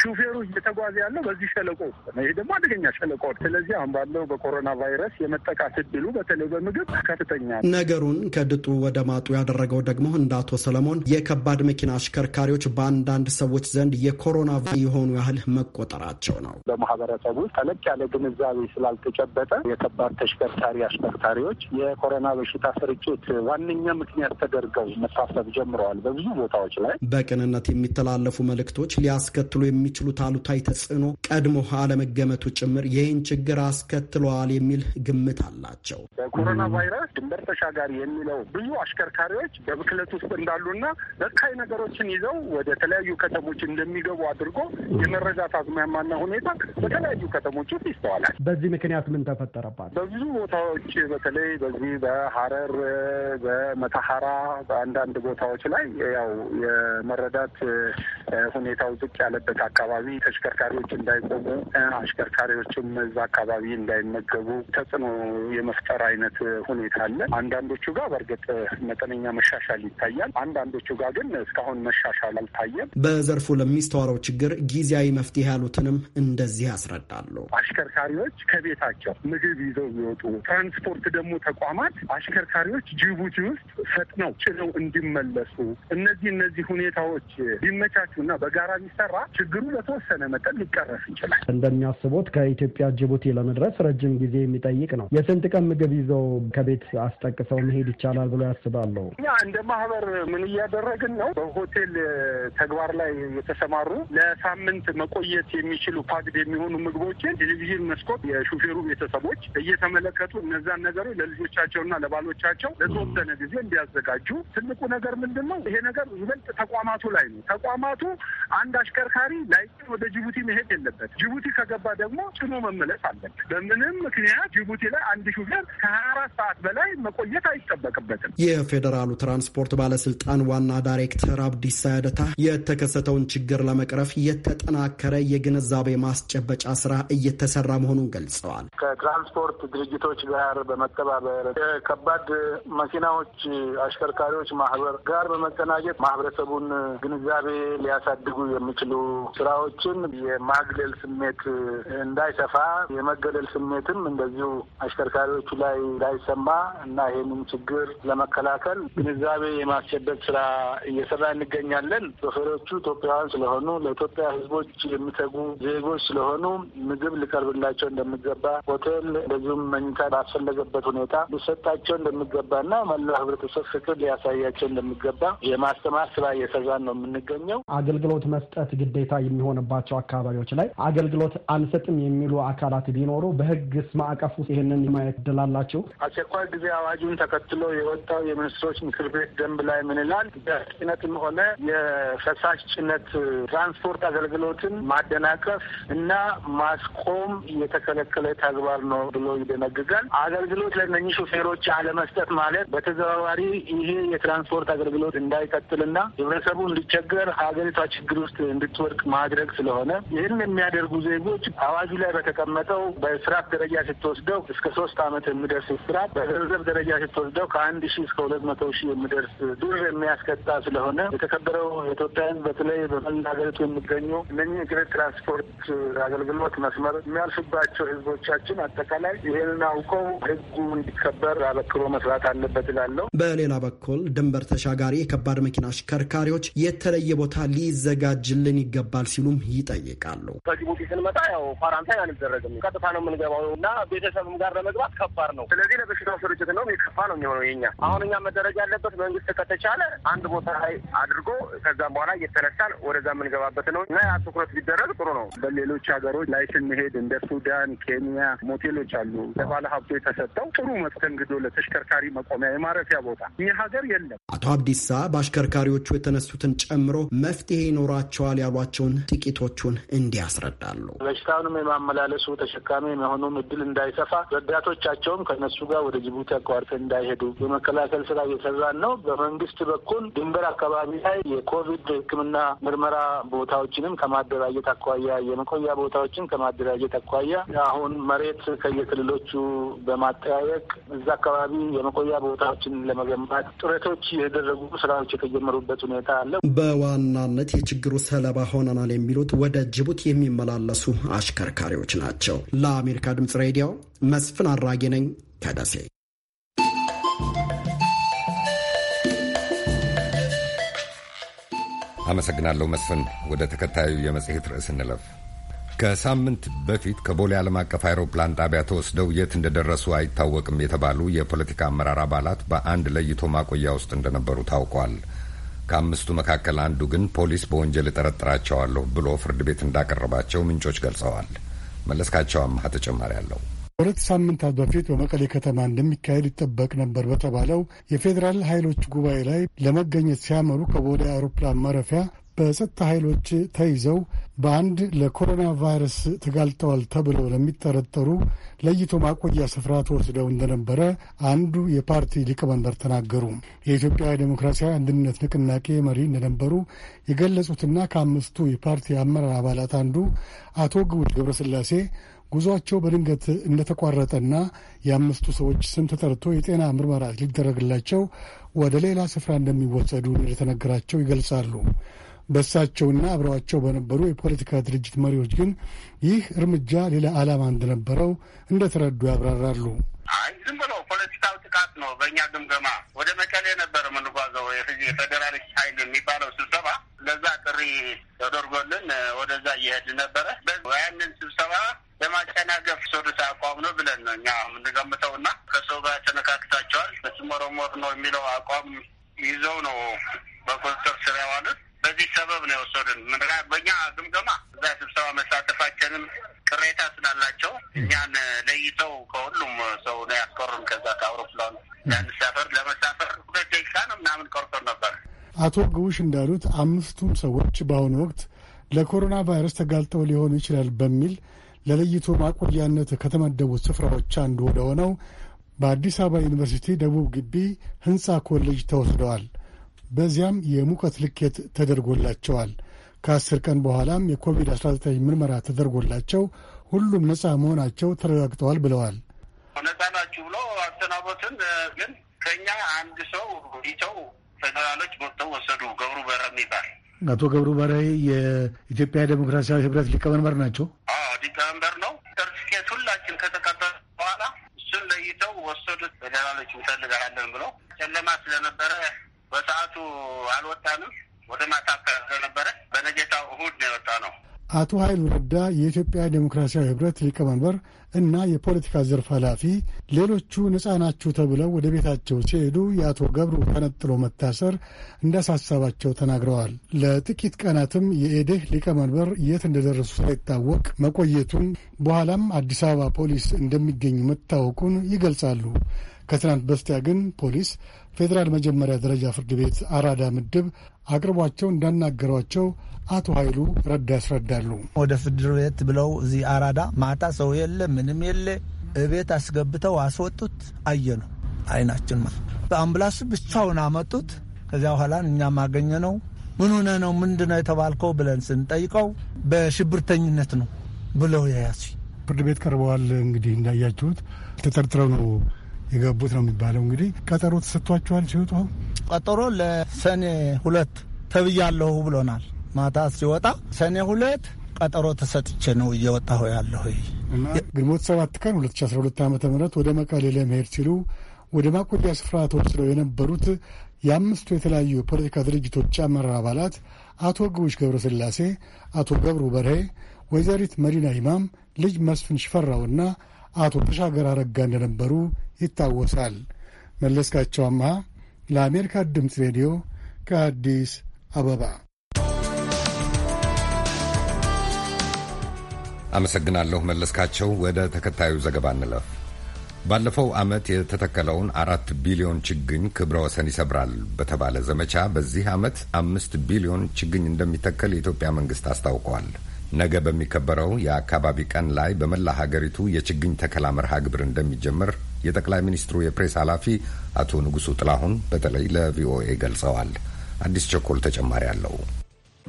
ሹፌሩ እየተጓዘ ያለው በዚህ ሸለቆ ውስጥ ነው። ይሄ ደግሞ አደገኛ ሸለቆ። ስለዚህ አሁን ባለው በኮሮና ቫይረስ የመጠቃት እድሉ በተለይ በምግብ ከፍተኛ። ነገሩን ከድጡ ወደ ማጡ ያደረገው ደግሞ እንደ አቶ ሰለሞን የከባድ መኪና አሽከርካሪዎች በአንዳንድ ሰዎች ዘንድ የኮሮና የሆኑ ያህል መቆጠራቸው ነው። በማህበረሰቡ ውስጥ ተለቅ ያለ ግንዛቤ ስላልተጨበጠ የከባድ ተሽከርካሪ አሽከርካሪዎች የኮሮና በሽታ ስርጭት ዋነኛ ምክንያት ተደርገው መታሰብ ጀምረዋል። በብዙ ቦታዎች ላይ በቅንነት የሚተላለፉ መልእክቶች ሊያስከትሉ የሚችሉት አሉታዊ ተጽዕኖ ቀድሞ አለመገመቱ ጭምር ይህን ችግር አስከትለዋል የሚል ግምት አላቸው። በኮሮና ቫይረስ ድንበር ተሻጋሪ የሚለው ብዙ አሽከርካሪዎች በብክለት ውስጥ እንዳሉና በካይ ነገሮችን ይዘው ወደ ተለያዩ ከተሞች እንደሚገቡ አድርጎ የመረዳት አዝማሚያና ሁኔታ በተለያዩ ከተሞች ውስጥ ይስተዋላል። በዚህ ምክንያት ምን ተፈጠረባት? በብዙ ቦታዎች በተለይ በዚህ በሀረር በመተሐራ በአንዳንድ ቦታዎች ላይ ያው የመረዳት ሁኔታው ዝቅ ያለበት አካባቢ ተሽከርካሪዎች እንዳይቆሙ፣ አሽከርካሪዎችም እዛ አካባቢ እንዳይመገቡ ተጽዕኖ የመፍጠር አይነት ሁኔታ አለ። አንዳንዶቹ ጋር በእርግጥ መጠነኛ መሻሻል ይታያል። አንዳንዶቹ ጋር ግን እስካሁን መሻሻል አልታየም። በዘርፉ ለሚስተዋረው ችግር ጊዜያዊ መፍትሄ ያሉትንም እንደዚህ ያስረዳሉ። አሽከርካሪዎች ከቤታቸው ምግብ ይዘው ይወጡ። ትራንስፖርት ደግሞ ተቋማት አሽከርካሪዎች ጅቡቲ ውስጥ ፈጥነው ጭነው እንዲመለሱ እነዚህ እነዚህ ሁኔታዎች ሊመቻቹ እና በጋራ ቢሰራ ችግሩ በተወሰነ መጠን ሊቀረፍ ይችላል። እንደሚያስቡት ከኢትዮጵያ ጅቡቲ ለመድረስ ረጅም ጊዜ የሚጠይቅ ነው። የስንት ቀን ምግብ ይዘው ከቤት አስጠቅሰው መሄድ ይቻላል ብሎ ያስባለሁ። እኛ እንደ ማህበር ምን እያደረግን ነው? በሆቴል ተግባር ላይ የተሰማሩ ለሳምንት መቆየት የሚችሉ ፓግድ የሚሆኑ ምግቦችን ቴሌቪዥን መስኮት የሹፌሩ ቤተሰቦች እየተመለከቱ እነዛን ነገሮች ለልጆቻቸውና ለባሎቻቸው ለተወሰነ ጊዜ እንዲያዘጋጁ። ትልቁ ነገር ምንድን ነው? ይሄ ነገር ይበልጥ ተቋማቱ ላይ ነው። ተቋማቱ አንድ አሽከርካሪ ላይጭን ወደ ጅቡቲ መሄድ የለበት። ጅቡቲ ከገባ ደግሞ ጭኖ መመለስ አለበት። በምንም ምክንያት ጅቡቲ ላይ አንድ ሹፌር ከሀያ አራት ሰዓት በላይ መቆየት አይጠበቅበትም። የፌዴራሉ ትራንስፖርት ባለስልጣን ዋና ዳይሬክተር አብዲሳ ያደታ የተከሰተውን ችግር ለመቅረፍ የተጠናከረ የግንዛቤ ማስጨበጫ ስራ እየተሰራ መሆኑን ገልጸዋል። ከትራንስፖርት ድርጅቶች ጋር በመተባበር የከባድ መኪናዎች አሽከርካሪዎች ማህበር ጋር በመቀናጀት ማህበረሰቡን ግንዛቤ ሊያሳድጉ የሚችሉ ስራዎችን የማግለል ስሜት እንዳይሰፋ የመገለል ስሜትም እንደዚሁ አሽከርካሪዎቹ ላይ እንዳይሰማ እና ይህንን ችግር ለመከላከል ግንዛቤ የማስጨበጥ ስራ እየሰራ እንገኛለን። ሾፌሮቹ ኢትዮጵያውያን ስለሆኑ ለኢትዮጵያ ሕዝቦች የሚተጉ ዜጎች ስለሆኑ ምግብ ሊቀርብላቸው እንደ እንደሚገባ ሆቴል እንደዚሁም መኝታ ባስፈለገበት ሁኔታ ሊሰጣቸው እንደሚገባ እንደሚገባና መላ ህብረተሰብ ፍቅር ሊያሳያቸው እንደሚገባ የማስተማር ስራ እየሰራን ነው የምንገኘው። አገልግሎት መስጠት ግዴታ የሚሆንባቸው አካባቢዎች ላይ አገልግሎት አንሰጥም የሚሉ አካላት ቢኖሩ በህግስ ማዕቀፍ ውስጥ ይህንን ማየት ድላላቸው። አስቸኳይ ጊዜ አዋጁን ተከትሎ የወጣው የሚኒስትሮች ምክር ቤት ደንብ ላይ ምን ይላል? በጭነትም ሆነ የፈሳሽ ጭነት ትራንስፖርት አገልግሎትን ማደናቀፍ እና ማስቆም የተከለ የተከለከለ ተግባር ነው ብሎ ይደነግጋል። አገልግሎት ለእነኚህ ሹፌሮች አለመስጠት ማለት በተዘዋዋሪ ይሄ የትራንስፖርት አገልግሎት እንዳይቀጥልና ህብረተሰቡ እንዲቸገር ሀገሪቷ ችግር ውስጥ እንድትወድቅ ማድረግ ስለሆነ ይህን የሚያደርጉ ዜጎች አዋጁ ላይ በተቀመጠው በስራት ደረጃ ስትወስደው እስከ ሶስት አመት የሚደርስ ስራት፣ በገንዘብ ደረጃ ስትወስደው ከአንድ ሺ እስከ ሁለት መቶ ሺ የሚደርስ ዱር የሚያስቀጣ ስለሆነ የተከበረው የኢትዮጵያ ህዝብ በተለይ በመላ ሀገሪቱ የሚገኙ እነኚህ ትራንስፖርት አገልግሎት መስመር የሚያልፍባቸው ህዝቦቻችን አጠቃላይ ይህንን አውቀው ህጉ እንዲከበር አበክሮ መስራት አለበት እላለሁ። በሌላ በኩል ድንበር ተሻጋሪ የከባድ መኪና አሽከርካሪዎች የተለየ ቦታ ሊዘጋጅልን ይገባል ሲሉም ይጠይቃሉ። ከጅቡቲ ስንመጣ ያው ኳራንታይን አንደረግም፣ ቀጥታ ነው የምንገባው እና ቤተሰብም ጋር ለመግባት ከባድ ነው። ስለዚህ ለበሽታው ስርጭት ነው የከፋ ነው የሚሆነው የኛ አሁን እኛ መደረግ ያለበት መንግስት ከተቻለ አንድ ቦታ ላይ አድርጎ ከዛም በኋላ እየተነሳን ወደዛ የምንገባበት ነው እና ያ ትኩረት ቢደረግ ጥሩ ነው። በሌሎች ሀገሮች ላይ ስንሄድ እንደ ሱዳን ኬንያ ሞቴሎች አሉ። ለባለ ሀብቶ የተሰጠው ጥሩ መስተንግዶ ለተሽከርካሪ መቆሚያ የማረፊያ ቦታ ይህ ሀገር የለም። አቶ አብዲሳ በአሽከርካሪዎቹ የተነሱትን ጨምሮ መፍትሄ ይኖራቸዋል ያሏቸውን ጥቂቶቹን እንዲያስረዳሉ። በሽታውንም የማመላለሱ ተሸካሚ የመሆኑም እድል እንዳይሰፋ ረዳቶቻቸውም ከነሱ ጋር ወደ ጅቡቲ አቋርጠ እንዳይሄዱ የመከላከል ስራ እየሰራን ነው። በመንግስት በኩል ድንበር አካባቢ ላይ የኮቪድ ሕክምና ምርመራ ቦታዎችንም ከማደራጀት አኳያ የመቆያ ቦታዎችን ከማደራጀት አኳያ አሁን መሬት ከየክልሎቹ በማጠያየቅ እዛ አካባቢ የመቆያ ቦታዎችን ለመገንባት ጥረቶች የደረጉ ስራዎች የተጀመሩበት ሁኔታ አለ። በዋናነት የችግሩ ሰለባ ሆነናል የሚሉት ወደ ጅቡቲ የሚመላለሱ አሽከርካሪዎች ናቸው። ለአሜሪካ ድምጽ ሬዲዮ መስፍን አራጌ ነኝ ከደሴ። አመሰግናለሁ መስፍን። ወደ ተከታዩ የመጽሔት ርዕስ እንለፍ። ከሳምንት በፊት ከቦሌ ዓለም አቀፍ አይሮፕላን ጣቢያ ተወስደው የት እንደደረሱ አይታወቅም የተባሉ የፖለቲካ አመራር አባላት በአንድ ለይቶ ማቆያ ውስጥ እንደነበሩ ታውቋል። ከአምስቱ መካከል አንዱ ግን ፖሊስ በወንጀል እጠረጥራቸዋለሁ ብሎ ፍርድ ቤት እንዳቀረባቸው ምንጮች ገልጸዋል። መለስካቸው አምሃ ተጨማሪ አለው። ከሁለት ሳምንታት በፊት በመቀሌ ከተማ እንደሚካሄድ ይጠበቅ ነበር በተባለው የፌዴራል ኃይሎች ጉባኤ ላይ ለመገኘት ሲያመሩ ከቦሌ አውሮፕላን ማረፊያ በጸጥታ ኃይሎች ተይዘው በአንድ ለኮሮና ቫይረስ ተጋልጠዋል ተብለው ለሚጠረጠሩ ለይቶ ማቆያ ስፍራ ተወስደው እንደነበረ አንዱ የፓርቲ ሊቀመንበር ተናገሩ። የኢትዮጵያ ዴሞክራሲያዊ አንድነት ንቅናቄ መሪ እንደነበሩ የገለጹትና ከአምስቱ የፓርቲ አመራር አባላት አንዱ አቶ ግውድ ገብረስላሴ ጉዟቸው በድንገት እንደተቋረጠና የአምስቱ ሰዎች ስም ተጠርቶ የጤና ምርመራ ሊደረግላቸው ወደ ሌላ ስፍራ እንደሚወሰዱ እንደተነገራቸው ይገልጻሉ። በእሳቸውና አብረዋቸው በነበሩ የፖለቲካ ድርጅት መሪዎች ግን ይህ እርምጃ ሌላ ዓላማ እንደነበረው እንደተረዱ ያብራራሉ። አይ ዝም ብሎ ፖለቲካው ጥቃት ነው። በእኛ ግምገማ ወደ መቀሌ ነበር የምንጓዘው። የፌዴራሊስት ኃይል የሚባለው ስብሰባ ለዛ ጥሪ ተደርጎልን ወደዛ እየሄድ ነበረ። ያንን ስብሰባ ለማጨናገፍ ሶዱት አቋም ነው ብለን ነው እኛ የምንገምተው እና ከሰው ጋር ተነካክታቸዋል ስሞሮሞር ነው የሚለው አቋም ይዘው ነው በቁጥጥር ስር ያዋሉት። በዚህ ሰበብ ነው የወሰዱን። በእኛ ግምገማ እዛ ስብሰባ መሳተፋችንም ቅሬታ ስላላቸው እኛን ለይተው ከሁሉም ሰው ነው ያስቆሩን። ከዛ ከአውሮፕላን ለንሳፈር ለመሳፈር ሁለት ደቂቃ ነው ምናምን ቆርጦ ነበር። አቶ ግቡሽ እንዳሉት አምስቱም ሰዎች በአሁኑ ወቅት ለኮሮና ቫይረስ ተጋልጠው ሊሆን ይችላል በሚል ለለይቶ ማቆያነት ከተመደቡት ስፍራዎች አንዱ ወደሆነው ሆነው በአዲስ አበባ ዩኒቨርሲቲ ደቡብ ግቢ ህንፃ ኮሌጅ ተወስደዋል። በዚያም የሙቀት ልኬት ተደርጎላቸዋል። ከአስር ቀን በኋላም የኮቪድ-19 ምርመራ ተደርጎላቸው ሁሉም ነፃ መሆናቸው ተረጋግጠዋል ብለዋል። ነፃ ናችሁ ብሎ አሰናበትን። ግን ከኛ አንድ ሰው ይተው ፌዴራሎች መጥተው ወሰዱ። ገብሩ በረ የሚባል አቶ ገብሩ በረ የኢትዮጵያ ዴሞክራሲያዊ ህብረት ሊቀመንበር ናቸው። ሊቀመንበር ነው። ሰርቲፊኬት ሁላችን ከተቀበል በኋላ እሱን ለይተው ወሰዱት። ፌዴራሎች እንፈልጋለን ብለው ጨለማ ስለነበረ በሰዓቱ አልወጣንም። ወደ ማታ ስለነበረ በነገታው እሁድ ነው የወጣ ነው። አቶ ኃይሉ ረዳ የኢትዮጵያ ዴሞክራሲያዊ ህብረት ሊቀመንበር እና የፖለቲካ ዘርፍ ኃላፊ፣ ሌሎቹ ነጻ ናችሁ ተብለው ወደ ቤታቸው ሲሄዱ የአቶ ገብሩ ተነጥሎ መታሰር እንዳሳሰባቸው ተናግረዋል። ለጥቂት ቀናትም የኤዴህ ሊቀመንበር የት እንደደረሱ ሳይታወቅ መቆየቱን በኋላም አዲስ አበባ ፖሊስ እንደሚገኙ መታወቁን ይገልጻሉ። ከትናንት በስቲያ ግን ፖሊስ ፌዴራል መጀመሪያ ደረጃ ፍርድ ቤት አራዳ ምድብ አቅርቧቸው እንዳናገሯቸው አቶ ኃይሉ ረዳ ያስረዳሉ። ወደ ፍርድ ቤት ብለው እዚህ አራዳ ማታ ሰው የለ ምንም የለ እቤት አስገብተው አስወጡት። አየነው አይናችን በአምቡላንስ ብቻውን አመጡት። ከዚያ በኋላ እኛም አገኘ ነው ምን ሆነ ነው ምንድን ነው የተባልከው ብለን ስንጠይቀው በሽብርተኝነት ነው ብለው የያዙ ፍርድ ቤት ቀርበዋል። እንግዲህ እንዳያችሁት ተጠርጥረው ነው የገቡት ነው የሚባለው። እንግዲህ ቀጠሮ ተሰጥቷቸዋል ሲወጡ ቀጠሮ ለሰኔ ሁለት ተብያለሁ ብሎናል። ማታ ሲወጣ ሰኔ ሁለት ቀጠሮ ተሰጥቼ ነው እየወጣሁ ያለሁ። ግንቦት ሰባት ቀን 2012 ዓ ም ወደ መቀሌ ለመሄድ ሲሉ ወደ ማቆያ ስፍራ ተወስደው የነበሩት የአምስቱ የተለያዩ የፖለቲካ ድርጅቶች አመራር አባላት አቶ ግቡሽ ገብረስላሴ፣ አቶ ገብሩ በርሄ፣ ወይዘሪት መዲና ኢማም፣ ልጅ መስፍን ሽፈራውና አቶ ተሻገር አረጋ እንደነበሩ ይታወሳል። መለስካቸው አምሃ ለአሜሪካ ድምፅ ሬዲዮ ከአዲስ አበባ አመሰግናለሁ መለስካቸው። ወደ ተከታዩ ዘገባ እንለፍ። ባለፈው ዓመት የተተከለውን አራት ቢሊዮን ችግኝ ክብረ ወሰን ይሰብራል በተባለ ዘመቻ በዚህ ዓመት አምስት ቢሊዮን ችግኝ እንደሚተከል የኢትዮጵያ መንግሥት አስታውቋል። ነገ በሚከበረው የአካባቢ ቀን ላይ በመላ ሀገሪቱ የችግኝ ተከላ መርሃ ግብር እንደሚጀምር የጠቅላይ ሚኒስትሩ የፕሬስ ኃላፊ አቶ ንጉሱ ጥላሁን በተለይ ለቪኦኤ ገልጸዋል። አዲስ ቸኮል ተጨማሪ አለው።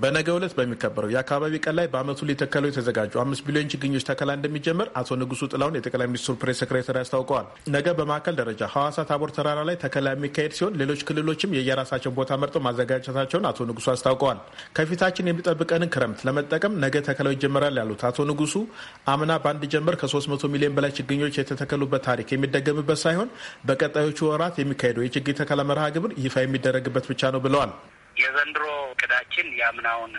በነገ ዕለት በሚከበረው የአካባቢ ቀን ላይ በአመቱ ሊተከሉ የተዘጋጁ አምስት ቢሊዮን ችግኞች ተከላ እንደሚጀምር አቶ ንጉሱ ጥላውን የጠቅላይ ሚኒስትሩ ፕሬስ ሴክሬታሪ አስታውቀዋል። ነገ በማዕከል ደረጃ ሐዋሳ ታቦር ተራራ ላይ ተከላ የሚካሄድ ሲሆን ሌሎች ክልሎችም የየራሳቸውን ቦታ መርጠው ማዘጋጀታቸውን አቶ ንጉሱ አስታውቀዋል። ከፊታችን የሚጠብቀንን ክረምት ለመጠቀም ነገ ተከላው ይጀምራል ያሉት አቶ ንጉሱ አምና በአንድ ጀንበር ከ300 ሚሊዮን በላይ ችግኞች የተተከሉበት ታሪክ የሚደገምበት ሳይሆን በቀጣዮቹ ወራት የሚካሄደው የችግኝ ተከላ መርሃ ግብር ይፋ የሚደረግበት ብቻ ነው ብለዋል። የዘንድሮ እቅዳችን የአምናውን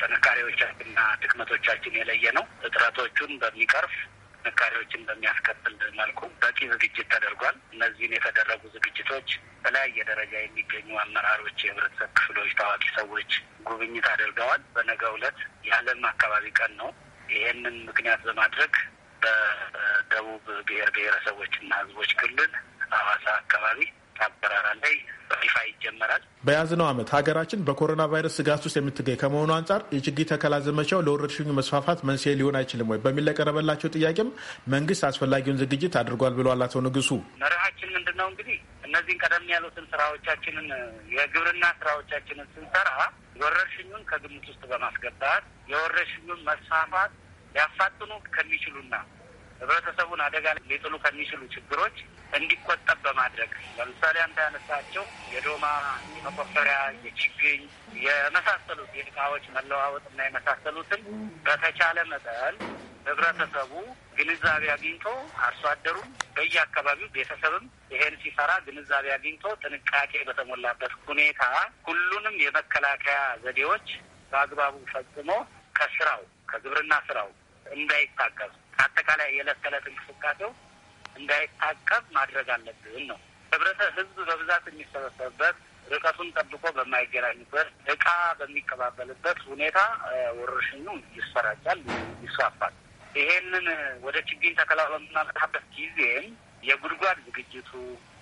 ጥንካሬዎቻችንና ድክመቶቻችን የለየ ነው። እጥረቶቹን በሚቀርፍ ጥንካሬዎችን በሚያስከትል መልኩ በቂ ዝግጅት ተደርጓል። እነዚህን የተደረጉ ዝግጅቶች በተለያየ ደረጃ የሚገኙ አመራሮች፣ የህብረተሰብ ክፍሎች፣ ታዋቂ ሰዎች ጉብኝት አድርገዋል። በነገ ዕለት የዓለም አካባቢ ቀን ነው። ይህንን ምክንያት በማድረግ በደቡብ ብሔር ብሔረሰቦችና ህዝቦች ክልል አዋሳ አካባቢ አበራራ ላይ በይፋ ይጀመራል። በያዝነው ዓመት ሀገራችን በኮሮና ቫይረስ ስጋት ውስጥ የምትገኝ ከመሆኑ አንጻር የችግኝ ተከላ ዘመቻው ለወረርሽኙ መስፋፋት መንስኤ ሊሆን አይችልም ወይ በሚል ለቀረበላቸው ጥያቄም መንግስት አስፈላጊውን ዝግጅት አድርጓል ብለዋል አቶ ንጉሱ። መርሃችን ምንድን ነው እንግዲህ እነዚህን ቀደም ያሉትን ስራዎቻችንን የግብርና ስራዎቻችንን ስንሰራ የወረርሽኙን ከግምት ውስጥ በማስገባት የወረርሽኙን መስፋፋት ሊያፋጥኑ ከሚችሉና ህብረተሰቡን አደጋ ሊጥሉ ከሚችሉ ችግሮች እንዲቆጠብ በማድረግ ለምሳሌ አንተ ያነሳቸው የዶማ የመቆፈሪያ፣ የችግኝ የመሳሰሉት የእቃዎች መለዋወጥ እና የመሳሰሉትን በተቻለ መጠን ህብረተሰቡ ግንዛቤ አግኝቶ አርሶ አደሩም በየአካባቢው ቤተሰብም ይሄን ሲሰራ ግንዛቤ አግኝቶ ጥንቃቄ በተሞላበት ሁኔታ ሁሉንም የመከላከያ ዘዴዎች በአግባቡ ፈጽሞ ከስራው ከግብርና ስራው እንዳይታቀሱ አጠቃላይ የዕለት ተዕለት እንቅስቃሴው እንዳይታቀብ ማድረግ አለብን ነው። ህብረተ ህዝብ በብዛት የሚሰበሰብበት ርቀቱን ጠብቆ በማይገናኝበት እቃ በሚቀባበልበት ሁኔታ ወረርሽኙ ይሰራጫል፣ ይስፋፋል። ይሄንን ወደ ችግኝ ተከላ በምናመጣበት ጊዜም የጉድጓድ ዝግጅቱ፣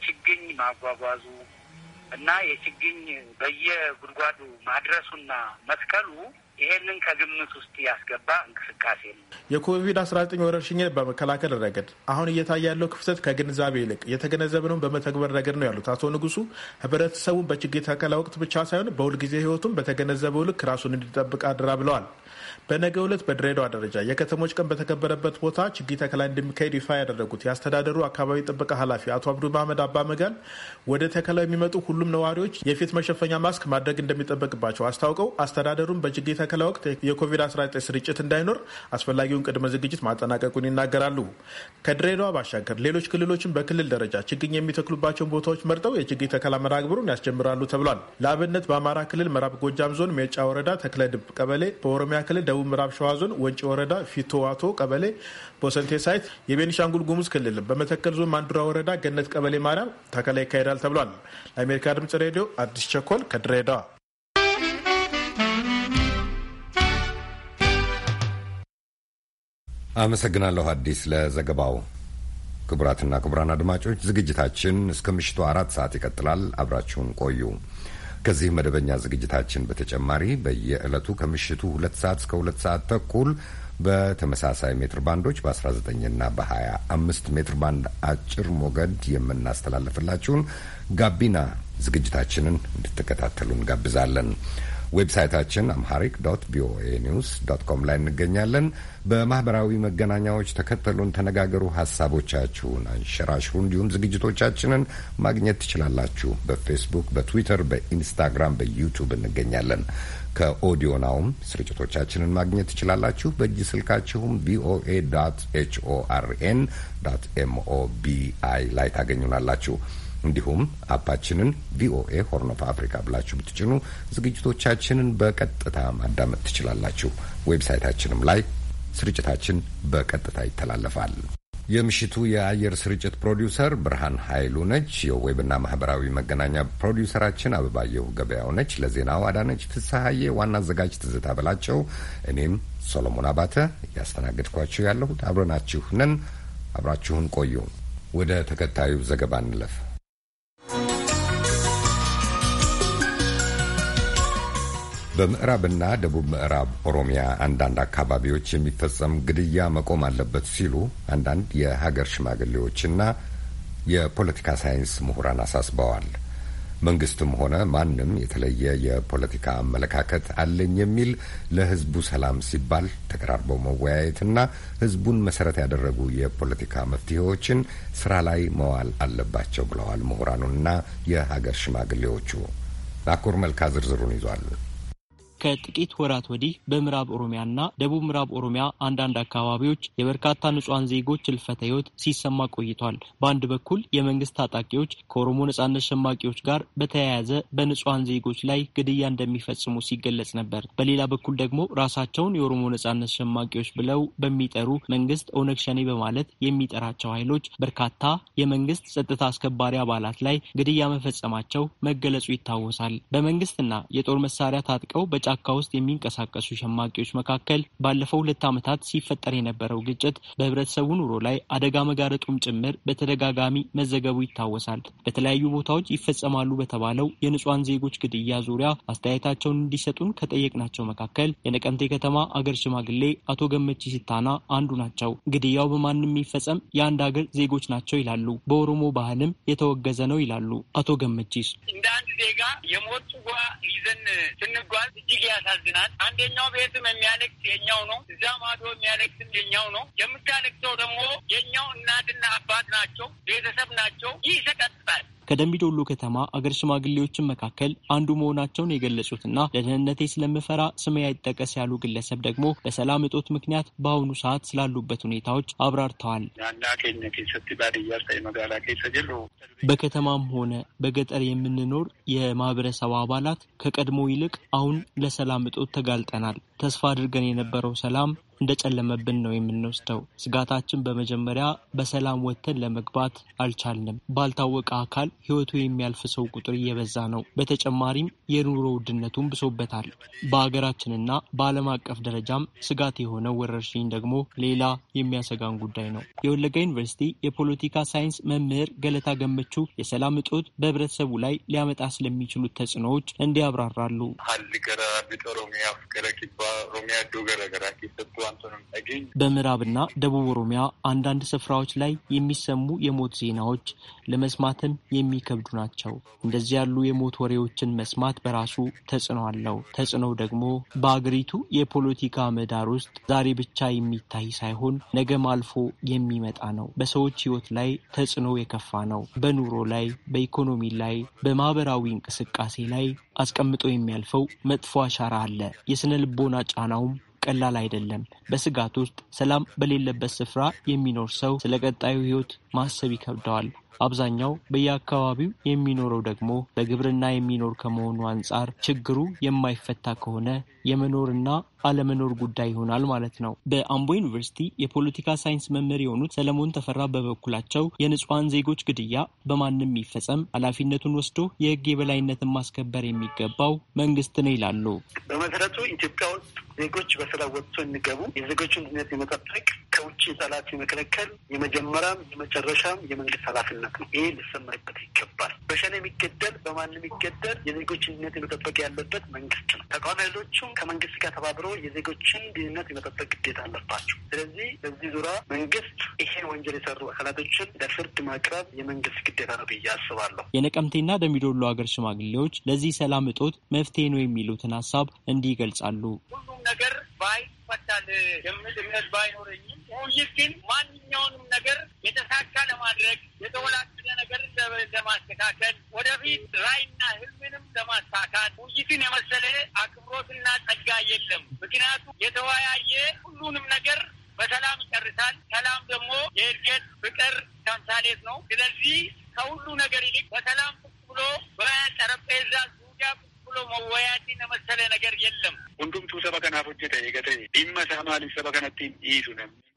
ችግኝ ማጓጓዙ እና የችግኝ በየጉድጓዱ ማድረሱና መትከሉ ይሄንን ከግምት ውስጥ ያስገባ እንቅስቃሴ ነው። የኮቪድ አስራ ዘጠኝ ወረርሽኝን በመከላከል ረገድ አሁን እየታየ ያለው ክፍተት ከግንዛቤ ይልቅ የተገነዘብነውን በመተግበር ረገድ ነው ያሉት አቶ ንጉሱ ህብረተሰቡን በችግር ተከላ ወቅት ብቻ ሳይሆን በሁልጊዜ ህይወቱም በተገነዘበው ልክ ራሱን እንዲጠብቅ አድራ ብለዋል። በነገ ዕለት በድሬዳዋ ደረጃ የከተሞች ቀን በተከበረበት ቦታ ችግኝ ተከላ እንደሚካሄድ ይፋ ያደረጉት የአስተዳደሩ አካባቢ ጥበቃ ኃላፊ አቶ አብዱ መሐመድ አባ መጋል ወደ ተከላ የሚመጡ ሁሉም ነዋሪዎች የፊት መሸፈኛ ማስክ ማድረግ እንደሚጠበቅባቸው አስታውቀው አስተዳደሩን በችግኝ ተከላ ወቅት የኮቪድ-19 ስርጭት እንዳይኖር አስፈላጊውን ቅድመ ዝግጅት ማጠናቀቁን ይናገራሉ። ከድሬዳዋ ባሻገር ሌሎች ክልሎችን በክልል ደረጃ ችግኝ የሚተክሉባቸውን ቦታዎች መርጠው የችግኝ ተከላ መራግብሩን ያስጀምራሉ ተብሏል። ለአብነት በአማራ ክልል ምዕራብ ጎጃም ዞን ሜጫ ወረዳ ተክለድብ ቀበሌ፣ በኦሮሚያ ክልል በደቡብ ምዕራብ ሸዋ ዞን ወንጪ ወረዳ ፊቶዋቶ ቀበሌ ቦሰንቴ ሳይት፣ የቤኒሻንጉል ጉሙዝ ክልል በመተከል ዞን ማንዱራ ወረዳ ገነት ቀበሌ ማርያም ተከላ ይካሄዳል ተብሏል። ለአሜሪካ ድምጽ ሬዲዮ አዲስ ቸኮል ከድሬዳዋ። አመሰግናለሁ አዲስ ለዘገባው። ክቡራትና ክቡራን አድማጮች ዝግጅታችን እስከ ምሽቱ አራት ሰዓት ይቀጥላል። አብራችሁን ቆዩ። ከዚህ መደበኛ ዝግጅታችን በተጨማሪ በየዕለቱ ከምሽቱ ሁለት ሰዓት እስከ ሁለት ሰዓት ተኩል በተመሳሳይ ሜትር ባንዶች በ19 እና በ25 ሜትር ባንድ አጭር ሞገድ የምናስተላልፍላችሁን ጋቢና ዝግጅታችንን እንድትከታተሉ እንጋብዛለን። ዌብሳይታችን አምሃሪክ ዶት ቪኦኤ ኒውስ ዶት ኮም ላይ እንገኛለን። በማህበራዊ መገናኛዎች ተከተሉን፣ ተነጋገሩ፣ ሀሳቦቻችሁን አንሸራሽሩ። እንዲሁም ዝግጅቶቻችንን ማግኘት ትችላላችሁ። በፌስቡክ፣ በትዊተር፣ በኢንስታግራም፣ በዩቱብ እንገኛለን። ከኦዲዮ ናውም ስርጭቶቻችንን ማግኘት ትችላላችሁ። በእጅ ስልካችሁም ቪኦኤ ዶት ኤችኦአርኤን ዶት ኤምኦቢአይ ላይ ታገኙናላችሁ። እንዲሁም አፓችንን ቪኦኤ ሆርን ኦፍ አፍሪካ ብላችሁ ብትጭኑ ዝግጅቶቻችንን በቀጥታ ማዳመጥ ትችላላችሁ። ዌብሳይታችንም ላይ ስርጭታችን በቀጥታ ይተላለፋል። የምሽቱ የአየር ስርጭት ፕሮዲውሰር ብርሃን ኃይሉ ነች። የዌብና ማህበራዊ መገናኛ ፕሮዲውሰራችን አበባየሁ ገበያው ነች። ለዜናው አዳነች ፍስሐዬ፣ ዋና አዘጋጅ ትዝታ በላቸው፣ እኔም ሶሎሞን አባተ እያስተናገድኳችሁ ያለሁት አብረናችሁ ነን። አብራችሁን ቆዩ። ወደ ተከታዩ ዘገባ እንለፍ። በምዕራብና ደቡብ ምዕራብ ኦሮሚያ አንዳንድ አካባቢዎች የሚፈጸም ግድያ መቆም አለበት ሲሉ አንዳንድ የሀገር ሽማግሌዎችና የፖለቲካ ሳይንስ ምሁራን አሳስበዋል። መንግስትም ሆነ ማንም የተለየ የፖለቲካ አመለካከት አለኝ የሚል ለህዝቡ ሰላም ሲባል ተቀራርበው መወያየትና ህዝቡን መሰረት ያደረጉ የፖለቲካ መፍትሄዎችን ስራ ላይ መዋል አለባቸው ብለዋል ምሁራኑና የሀገር ሽማግሌዎቹ። ናኮር መልካ ዝርዝሩን ይዟል። ከጥቂት ወራት ወዲህ በምዕራብ ኦሮሚያና ደቡብ ምዕራብ ኦሮሚያ አንዳንድ አካባቢዎች የበርካታ ንጹሐን ዜጎች እልፈተ ህይወት ሲሰማ ቆይቷል። በአንድ በኩል የመንግስት ታጣቂዎች ከኦሮሞ ነጻነት ሸማቂዎች ጋር በተያያዘ በንጹሐን ዜጎች ላይ ግድያ እንደሚፈጽሙ ሲገለጽ ነበር። በሌላ በኩል ደግሞ ራሳቸውን የኦሮሞ ነጻነት ሸማቂዎች ብለው በሚጠሩ መንግስት ኦነግ ሸኔ በማለት የሚጠራቸው ኃይሎች በርካታ የመንግስት ጸጥታ አስከባሪ አባላት ላይ ግድያ መፈጸማቸው መገለጹ ይታወሳል። በመንግስትና የጦር መሳሪያ ታጥቀው በጫ በጫካ ውስጥ የሚንቀሳቀሱ ሸማቂዎች መካከል ባለፈው ሁለት ዓመታት ሲፈጠር የነበረው ግጭት በህብረተሰቡ ኑሮ ላይ አደጋ መጋረጡም ጭምር በተደጋጋሚ መዘገቡ ይታወሳል። በተለያዩ ቦታዎች ይፈጸማሉ በተባለው የንጹሐን ዜጎች ግድያ ዙሪያ አስተያየታቸውን እንዲሰጡን ከጠየቅናቸው መካከል የነቀምቴ ከተማ አገር ሽማግሌ አቶ ገመቺ ሲታና አንዱ ናቸው። ግድያው በማንም የሚፈጸም የአንድ ሀገር ዜጎች ናቸው ይላሉ። በኦሮሞ ባህልም የተወገዘ ነው ይላሉ አቶ ገመቺስ። እንደ አንድ ዜጋ የሞት ጽዋ ይዘን ስንጓዝ እጅግ ያሳዝናል። አንደኛው ቤትም የሚያለቅስ የኛው ነው። እዚያ ማዶ የሚያለቅስም የኛው ነው። የምታለቅሰው ደግሞ የኛው እናትና አባት ናቸው፣ ቤተሰብ ናቸው። ይህ ይሰቀጥጣል። ከደምቢዶሎ ከተማ አገር ሽማግሌዎችን መካከል አንዱ መሆናቸውን የገለጹትና ለደህንነቴ ስለምፈራ ስሜ አይጠቀስ ያሉ ግለሰብ ደግሞ በሰላም እጦት ምክንያት በአሁኑ ሰዓት ስላሉበት ሁኔታዎች አብራርተዋል። በከተማም ሆነ በገጠር የምንኖር የማህበረሰብ አባላት ከቀድሞ ይልቅ አሁን ለሰላም እጦት ተጋልጠናል። ተስፋ አድርገን የነበረው ሰላም እንደጨለመብን ነው የምንወስደው። ስጋታችን በመጀመሪያ በሰላም ወጥተን ለመግባት አልቻልንም። ባልታወቀ አካል ህይወቱ የሚያልፍ ሰው ቁጥር እየበዛ ነው። በተጨማሪም የኑሮ ውድነቱን ብሶበታል። በሀገራችንና በዓለም አቀፍ ደረጃም ስጋት የሆነው ወረርሽኝ ደግሞ ሌላ የሚያሰጋን ጉዳይ ነው። የወለጋ ዩኒቨርሲቲ የፖለቲካ ሳይንስ መምህር ገለታ ገመቹ የሰላም እጦት በህብረተሰቡ ላይ ሊያመጣ ስለሚችሉት ተጽዕኖዎች እንዲያብራራሉ። ሀሊ ገራ ፍቅረ ኪባ ሮሚያ ገራ በምዕራብና ደቡብ ኦሮሚያ አንዳንድ ስፍራዎች ላይ የሚሰሙ የሞት ዜናዎች ለመስማትም የሚከብዱ ናቸው። እንደዚህ ያሉ የሞት ወሬዎችን መስማት በራሱ ተጽዕኖ አለው። ተጽዕኖው ደግሞ በአገሪቱ የፖለቲካ ምህዳር ውስጥ ዛሬ ብቻ የሚታይ ሳይሆን ነገም አልፎ የሚመጣ ነው። በሰዎች ሕይወት ላይ ተጽዕኖ የከፋ ነው። በኑሮ ላይ፣ በኢኮኖሚ ላይ፣ በማህበራዊ እንቅስቃሴ ላይ አስቀምጦ የሚያልፈው መጥፎ አሻራ አለ። የስነ ልቦና ጫናውም ቀላል አይደለም። በስጋት ውስጥ ሰላም በሌለበት ስፍራ የሚኖር ሰው ስለ ቀጣዩ ህይወት ማሰብ ይከብደዋል። አብዛኛው በየአካባቢው የሚኖረው ደግሞ በግብርና የሚኖር ከመሆኑ አንጻር ችግሩ የማይፈታ ከሆነ የመኖርና አለመኖር ጉዳይ ይሆናል ማለት ነው። በአምቦ ዩኒቨርሲቲ የፖለቲካ ሳይንስ መምህር የሆኑት ሰለሞን ተፈራ በበኩላቸው የንጹሐን ዜጎች ግድያ በማንም የሚፈጸም ኃላፊነቱን ወስዶ የሕግ የበላይነትን ማስከበር የሚገባው መንግስት ነው ይላሉ። በመሰረቱ ኢትዮጵያ ውስጥ ዜጎች በስራ ወጥቶ እንገቡ የዜጎችን ድነት የመጠበቅ ከውጭ ጠላት የመከለከል የመጀመሪያም የመጨረ መጨረሻም የመንግስት ኃላፊነት ነው። ይህ ሊሰመርበት ይገባል። በሸኔ የሚገደል በማንም የሚገደል የዜጎችን ድህነት የመጠበቅ ያለበት መንግስት ነው። ተቃዋሚ ኃይሎቹም ከመንግስት ጋር ተባብሮ የዜጎችን ድህነት የመጠበቅ ግዴታ አለባቸው። ስለዚህ በዚህ ዙሪያ መንግስት ይሄን ወንጀል የሰሩ አካላቶችን ለፍርድ ማቅረብ የመንግስት ግዴታ ነው ብዬ አስባለሁ። የነቀምቴና ደሚዶሎ ሀገር ሽማግሌዎች ለዚህ ሰላም እጦት መፍትሄ ነው የሚሉትን ሀሳብ እንዲህ ይገልጻሉ። ሁሉም ነገር ባይ ይፈታል የምል እምነት ባይኖረኝም፣ ውይይት ግን ማንኛውንም ነገር የተሳካ ለማድረግ የተወላደ ነገር ለማስተካከል ወደፊት ራይና ህልምንም ለማሳካት ውይይትን የመሰለ አክብሮትና ጸጋ የለም። ምክንያቱም የተወያየ ሁሉንም ነገር በሰላም ይጨርሳል። ሰላም ደግሞ የእድገት ፍቅር ተምሳሌት ነው። ስለዚህ ከሁሉ ነገር ይልቅ በሰላም ቁጭ ብሎ በጠረጴዛ ዙሪያ ቁጭ ብሎ መወያየትን የመሰለ ነገር የለም። ሁንዱምቱ ሰበ ከናፍ ሆጀተ የገተ ዲመ ሳማሊ ሰበ ከነቲ ይይዙ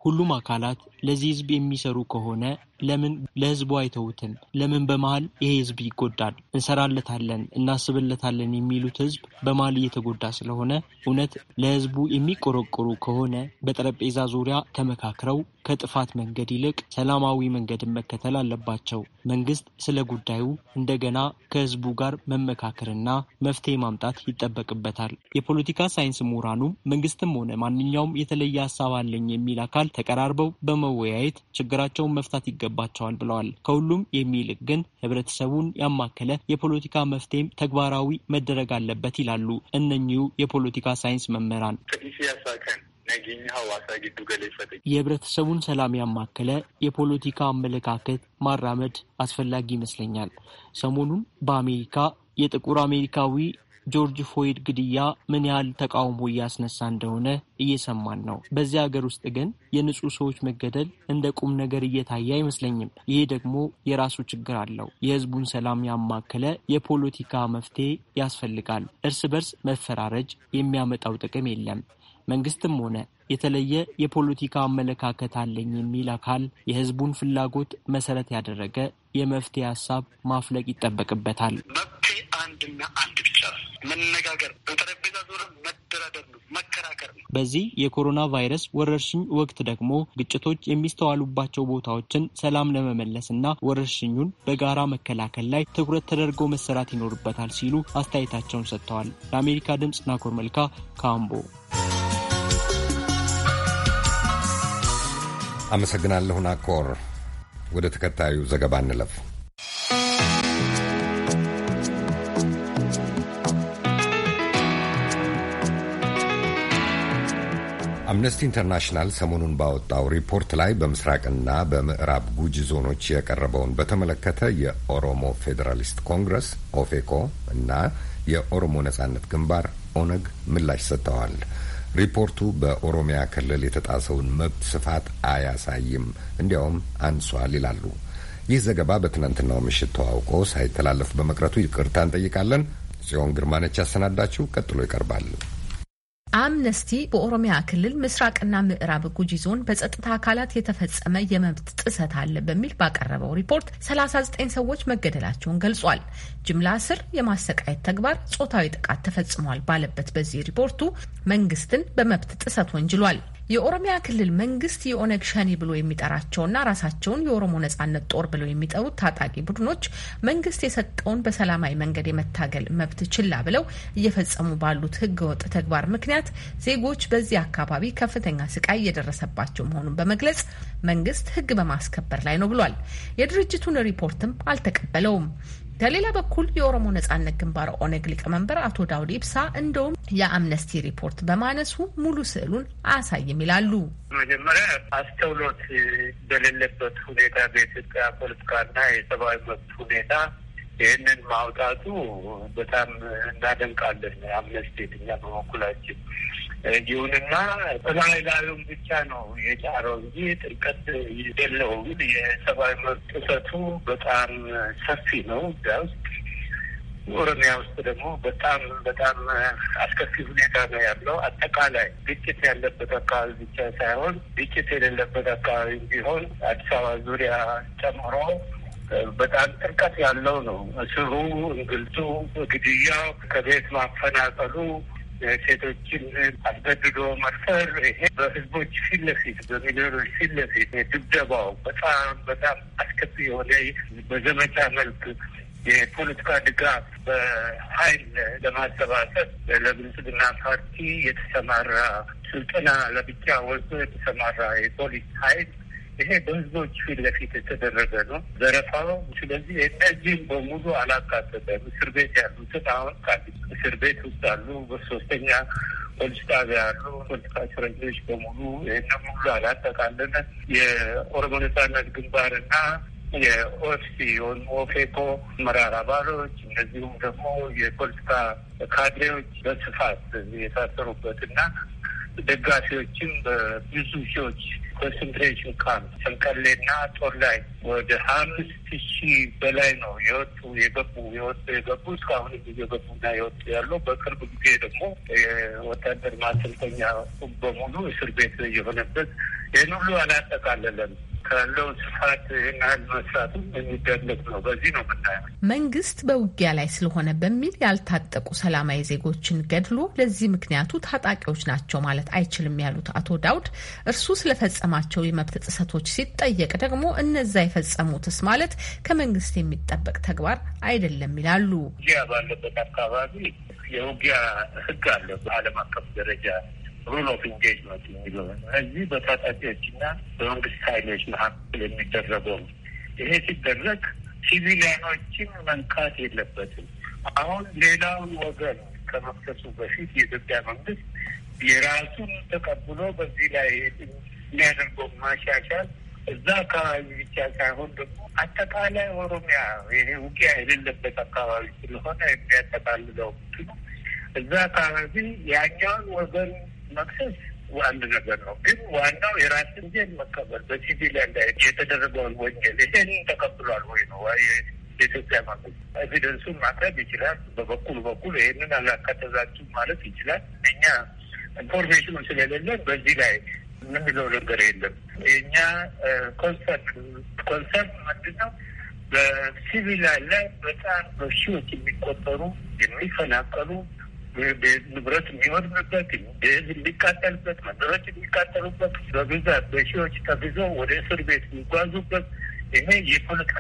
ሁሉም አካላት ለዚህ ህዝብ የሚሰሩ ከሆነ ለምን ለህዝቡ አይተውትም? ለምን በመሀል ይሄ ህዝብ ይጎዳል፣ እንሰራለታለን፣ እናስብለታለን የሚሉት ህዝብ በመሀል እየተጎዳ ስለሆነ እውነት ለህዝቡ የሚቆረቆሩ ከሆነ በጠረጴዛ ዙሪያ ተመካክረው ከጥፋት መንገድ ይልቅ ሰላማዊ መንገድን መከተል አለባቸው። መንግስት ስለ ጉዳዩ እንደገና ከህዝቡ ጋር መመካከርና መፍትሄ ማምጣት ይጠበቅበታል። የፖለቲካ ሳይንስ ምሁራኑም መንግስትም ሆነ ማንኛውም የተለየ ሀሳብ አለኝ የሚል አካል ተቀራርበው በመወያየት ችግራቸውን መፍታት ይገባቸዋል ብለዋል። ከሁሉም የሚልቅ ግን ህብረተሰቡን ያማከለ የፖለቲካ መፍትሄም ተግባራዊ መደረግ አለበት ይላሉ እነኚሁ የፖለቲካ ሳይንስ መምህራን። የህብረተሰቡን ሰላም ያማከለ የፖለቲካ አመለካከት ማራመድ አስፈላጊ ይመስለኛል። ሰሞኑን በአሜሪካ የጥቁር አሜሪካዊ ጆርጅ ፎይድ ግድያ ምን ያህል ተቃውሞ እያስነሳ እንደሆነ እየሰማን ነው። በዚህ ሀገር ውስጥ ግን የንጹህ ሰዎች መገደል እንደ ቁም ነገር እየታየ አይመስለኝም። ይሄ ደግሞ የራሱ ችግር አለው። የህዝቡን ሰላም ያማከለ የፖለቲካ መፍትሄ ያስፈልጋል። እርስ በርስ መፈራረጅ የሚያመጣው ጥቅም የለም። መንግስትም ሆነ የተለየ የፖለቲካ አመለካከት አለኝ የሚል አካል የህዝቡን ፍላጎት መሰረት ያደረገ የመፍትሄ ሀሳብ ማፍለቅ ይጠበቅበታል። አንድና አንድ ብቻ መነጋገር፣ በጠረጴዛ ዙር መደራደር ነው፣ መከራከር ነው። በዚህ የኮሮና ቫይረስ ወረርሽኝ ወቅት ደግሞ ግጭቶች የሚስተዋሉባቸው ቦታዎችን ሰላም ለመመለስ እና ወረርሽኙን በጋራ መከላከል ላይ ትኩረት ተደርጎ መሰራት ይኖርበታል ሲሉ አስተያየታቸውን ሰጥተዋል። ለአሜሪካ ድምፅ ናኮር መልካ ካምቦ አመሰግናለሁ ናኮር። ወደ ተከታዩ ዘገባ እንለፍ። አምነስቲ ኢንተርናሽናል ሰሞኑን ባወጣው ሪፖርት ላይ በምስራቅና በምዕራብ ጉጂ ዞኖች የቀረበውን በተመለከተ የኦሮሞ ፌዴራሊስት ኮንግረስ ኦፌኮ እና የኦሮሞ ነጻነት ግንባር ኦነግ ምላሽ ሰጥተዋል። ሪፖርቱ በኦሮሚያ ክልል የተጣሰውን መብት ስፋት አያሳይም፣ እንዲያውም አንሷል ይላሉ። ይህ ዘገባ በትናንትናው ምሽት ተዋውቆ ሳይተላለፍ በመቅረቱ ይቅርታ እንጠይቃለን። ጽዮን ግርማነች ያሰናዳችው ቀጥሎ ይቀርባል። አምነስቲ በኦሮሚያ ክልል ምስራቅና ምዕራብ ጉጂ ዞን በጸጥታ አካላት የተፈጸመ የመብት ጥሰት አለ በሚል ባቀረበው ሪፖርት 39 ሰዎች መገደላቸውን ገልጿል። ጅምላ እስር፣ የማሰቃየት ተግባር፣ ጾታዊ ጥቃት ተፈጽሟል ባለበት በዚህ ሪፖርቱ መንግስትን በመብት ጥሰት ወንጅሏል። የኦሮሚያ ክልል መንግስት የኦነግ ሸኒ ብሎ የሚጠራቸውና ራሳቸውን የኦሮሞ ነጻነት ጦር ብለው የሚጠሩት ታጣቂ ቡድኖች መንግስት የሰጠውን በሰላማዊ መንገድ የመታገል መብት ችላ ብለው እየፈጸሙ ባሉት ህገወጥ ተግባር ምክንያት ዜጎች በዚህ አካባቢ ከፍተኛ ስቃይ እየደረሰባቸው መሆኑን በመግለጽ መንግስት ህግ በማስከበር ላይ ነው ብሏል። የድርጅቱን ሪፖርትም አልተቀበለውም። ከሌላ በኩል የኦሮሞ ነጻነት ግንባር ኦነግ ሊቀመንበር አቶ ዳውድ ኢብሳ እንደውም የአምነስቲ ሪፖርት በማነሱ ሙሉ ስዕሉን አያሳይም ይላሉ። መጀመሪያ አስተውሎት በሌለበት ሁኔታ በኢትዮጵያ ፖለቲካና የሰብአዊ መብት ሁኔታ ይህንን ማውጣቱ በጣም እናደንቃለን። አምነስቲ እኛ በበኩላችን ይሁንና በላይ ላዩም ብቻ ነው የጫረው እንጂ ጥልቀት የለውም። የሰብአዊ መብት ጥሰቱ በጣም ሰፊ ነው እዚያ ውስጥ ኦሮሚያ ውስጥ ደግሞ በጣም በጣም አስከፊ ሁኔታ ነው ያለው። አጠቃላይ ግጭት ያለበት አካባቢ ብቻ ሳይሆን ግጭት የሌለበት አካባቢ ቢሆን አዲስ አበባ ዙሪያ ጨምሮ በጣም ጥልቀት ያለው ነው። እስሩ፣ እንግልቱ፣ ግድያው፣ ከቤት ማፈናቀሉ ሴቶችን አስገድዶ መድፈር ይሄ በህዝቦች ፊት ለፊት በሚሊዮኖች ፊት ለፊት ድብደባው በጣም በጣም አስከፊ የሆነ በዘመቻ መልክ የፖለቲካ ድጋፍ በኃይል ለማሰባሰብ ለብልጽግና ፓርቲ የተሰማራ ስልጠና ለብቻ ወስዶ የተሰማራ የፖሊስ ኃይል ይሄ በህዝቦች ፊት ለፊት የተደረገ ነው ዘረፋው። ስለዚህ እነዚህም በሙሉ አላካተተም። እስር ቤት ያሉትን አሁን እስር ቤት ውስጥ አሉ፣ በሶስተኛ ፖሊስ ጣቢያ ያሉ ፖለቲካ እስረኞች በሙሉ ይህን ሙሉ አላጠቃለለ። የኦሮሞ ነጻነት ግንባርና የኦፍሲ ወይም ኦፌኮ አመራር አባሎች እንደዚሁም ደግሞ የፖለቲካ ካድሬዎች በስፋት የታሰሩበት እና ደጋፊዎችም በብዙ ሺዎች ኮንሰንትሬሽን ካምፕ ሰንቀሌና ጦር ላይ ወደ አምስት ሺህ በላይ ነው የወጡ የገቡ የወጡ የገቡ እስካሁን የገቡና የወጡ ያለው በቅርብ ጊዜ ደግሞ የወታደር ማሰልጠኛ በሙሉ እስር ቤት የሆነበት ይህን ሁሉ አላጠቃለለም። ካለው ስፋት ይህን ያህል መስራቱ የሚደለቅ ነው። በዚህ ነው ምናየ መንግስት በውጊያ ላይ ስለሆነ በሚል ያልታጠቁ ሰላማዊ ዜጎችን ገድሎ ለዚህ ምክንያቱ ታጣቂዎች ናቸው ማለት አይችልም ያሉት አቶ ዳውድ እርሱ ስለፈጸማቸው የመብት ጥሰቶች ሲጠየቅ ደግሞ እነዛ የፈጸሙትስ ማለት ከመንግስት የሚጠበቅ ተግባር አይደለም ይላሉ። ያ ባለበት አካባቢ የውጊያ ህግ አለ በዓለም አቀፍ ደረጃ ሩል ኦፍ ኢንጌጅመንት የሚለው እዚህ በታጣቂዎች እና በመንግስት ኃይሎች መካከል የሚደረገው ነው። ይሄ ሲደረግ ሲቪሊያኖችን መንካት የለበትም። አሁን ሌላውን ወገን ከመክሰሱ በፊት የኢትዮጵያ መንግስት የራሱን ተቀብሎ በዚህ ላይ የሚያደርገው ማሻሻል እዛ አካባቢ ብቻ ሳይሆን ደግሞ አጠቃላይ ኦሮሚያ ይሄ ውጊያ የሌለበት አካባቢ ስለሆነ የሚያጠቃልለው እዛ አካባቢ ያኛውን ወገን መክሰስ አንድ ነገር ነው። ግን ዋናው የራስን ዜን መቀበል በሲቪሊያን ላይ የተደረገውን ወንጀል ይሄን ተቀብሏል ወይ ነው የኢትዮጵያ መንግስት ኤቪደንሱን ማቅረብ ይችላል። በበኩሉ በኩል ይህንን አላካተታችሁም ማለት ይችላል። እኛ ኢንፎርሜሽኑ ስለሌለን በዚህ ላይ የምንለው ነገር የለም። የእኛ ኮንሰርት ኮንሰርት ምንድን ነው? በሲቪል ላይ በጣም በሺዎች የሚቆጠሩ የሚፈናቀሉ ንብረት የሚወድምበት ቤዝ የሚቃጠልበት፣ መንደሮች የሚቃጠሉበት፣ በብዛት በሺዎች ተብዞ ወደ እስር ቤት የሚጓዙበት ይሄ የፖለቲካ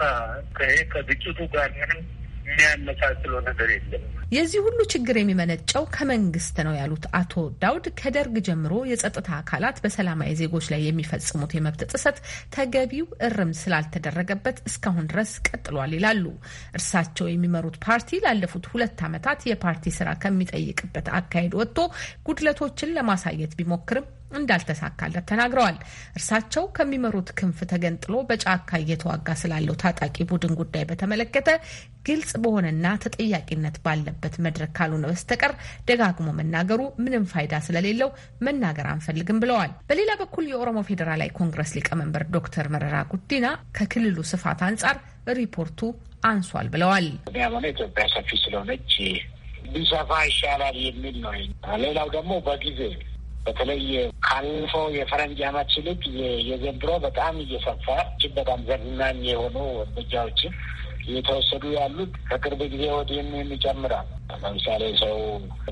ከግጭቱ ጋር ምንም የሚያመሳስለው ነገር የለም። የዚህ ሁሉ ችግር የሚመነጨው ከመንግስት ነው ያሉት አቶ ዳውድ ከደርግ ጀምሮ የጸጥታ አካላት በሰላማዊ ዜጎች ላይ የሚፈጽሙት የመብት ጥሰት ተገቢው እርም ስላልተደረገበት እስካሁን ድረስ ቀጥሏል ይላሉ። እርሳቸው የሚመሩት ፓርቲ ላለፉት ሁለት ዓመታት የፓርቲ ስራ ከሚጠይቅበት አካሄድ ወጥቶ ጉድለቶችን ለማሳየት ቢሞክርም እንዳልተሳካለት ተናግረዋል። እርሳቸው ከሚመሩት ክንፍ ተገንጥሎ በጫካ እየተዋጋ ስላለው ታጣቂ ቡድን ጉዳይ በተመለከተ ግልጽ በሆነና ተጠያቂነት ባለበት መድረክ ካልሆነ በስተቀር ደጋግሞ መናገሩ ምንም ፋይዳ ስለሌለው መናገር አንፈልግም ብለዋል። በሌላ በኩል የኦሮሞ ፌዴራላዊ ኮንግረስ ሊቀመንበር ዶክተር መረራ ጉዲና ከክልሉ ስፋት አንጻር ሪፖርቱ አንሷል ብለዋል። ኢትዮጵያ ሰፊ ስለሆነች ሊሰፋ ይሻላል የሚል ነው። ሌላው ደግሞ በጊዜ በተለይ ካለፈው የፈረንጅ አመት ይልቅ የዘንድሮ በጣም እየሰፋ በጣም ዘግናኝ የሆኑ እርምጃዎችን እየተወሰዱ ያሉት ከቅርብ ጊዜ ወዲህም ይጨምራል። ለምሳሌ ሰው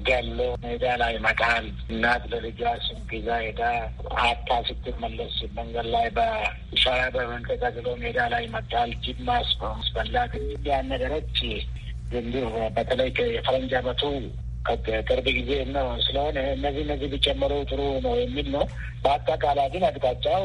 ገሎ ሜዳ ላይ መጣል፣ እናት ለልጇ ስንግዛ ሄዳ አታ ስትመለስ መንገድ ላይ በሻያ በመንቀጋግሎ ሜዳ ላይ መጣል፣ ጅማስ ማስበላት፣ እንዲህ ያን ነገሮች ዘንድሮ በተለይ የፈረንጅ አመቱ ከቅርብ ጊዜ ነው ስለሆነ እነዚህ እነዚህ ቢጨመሩ ጥሩ ነው የሚል ነው። በአጠቃላይ ግን አቅጣጫው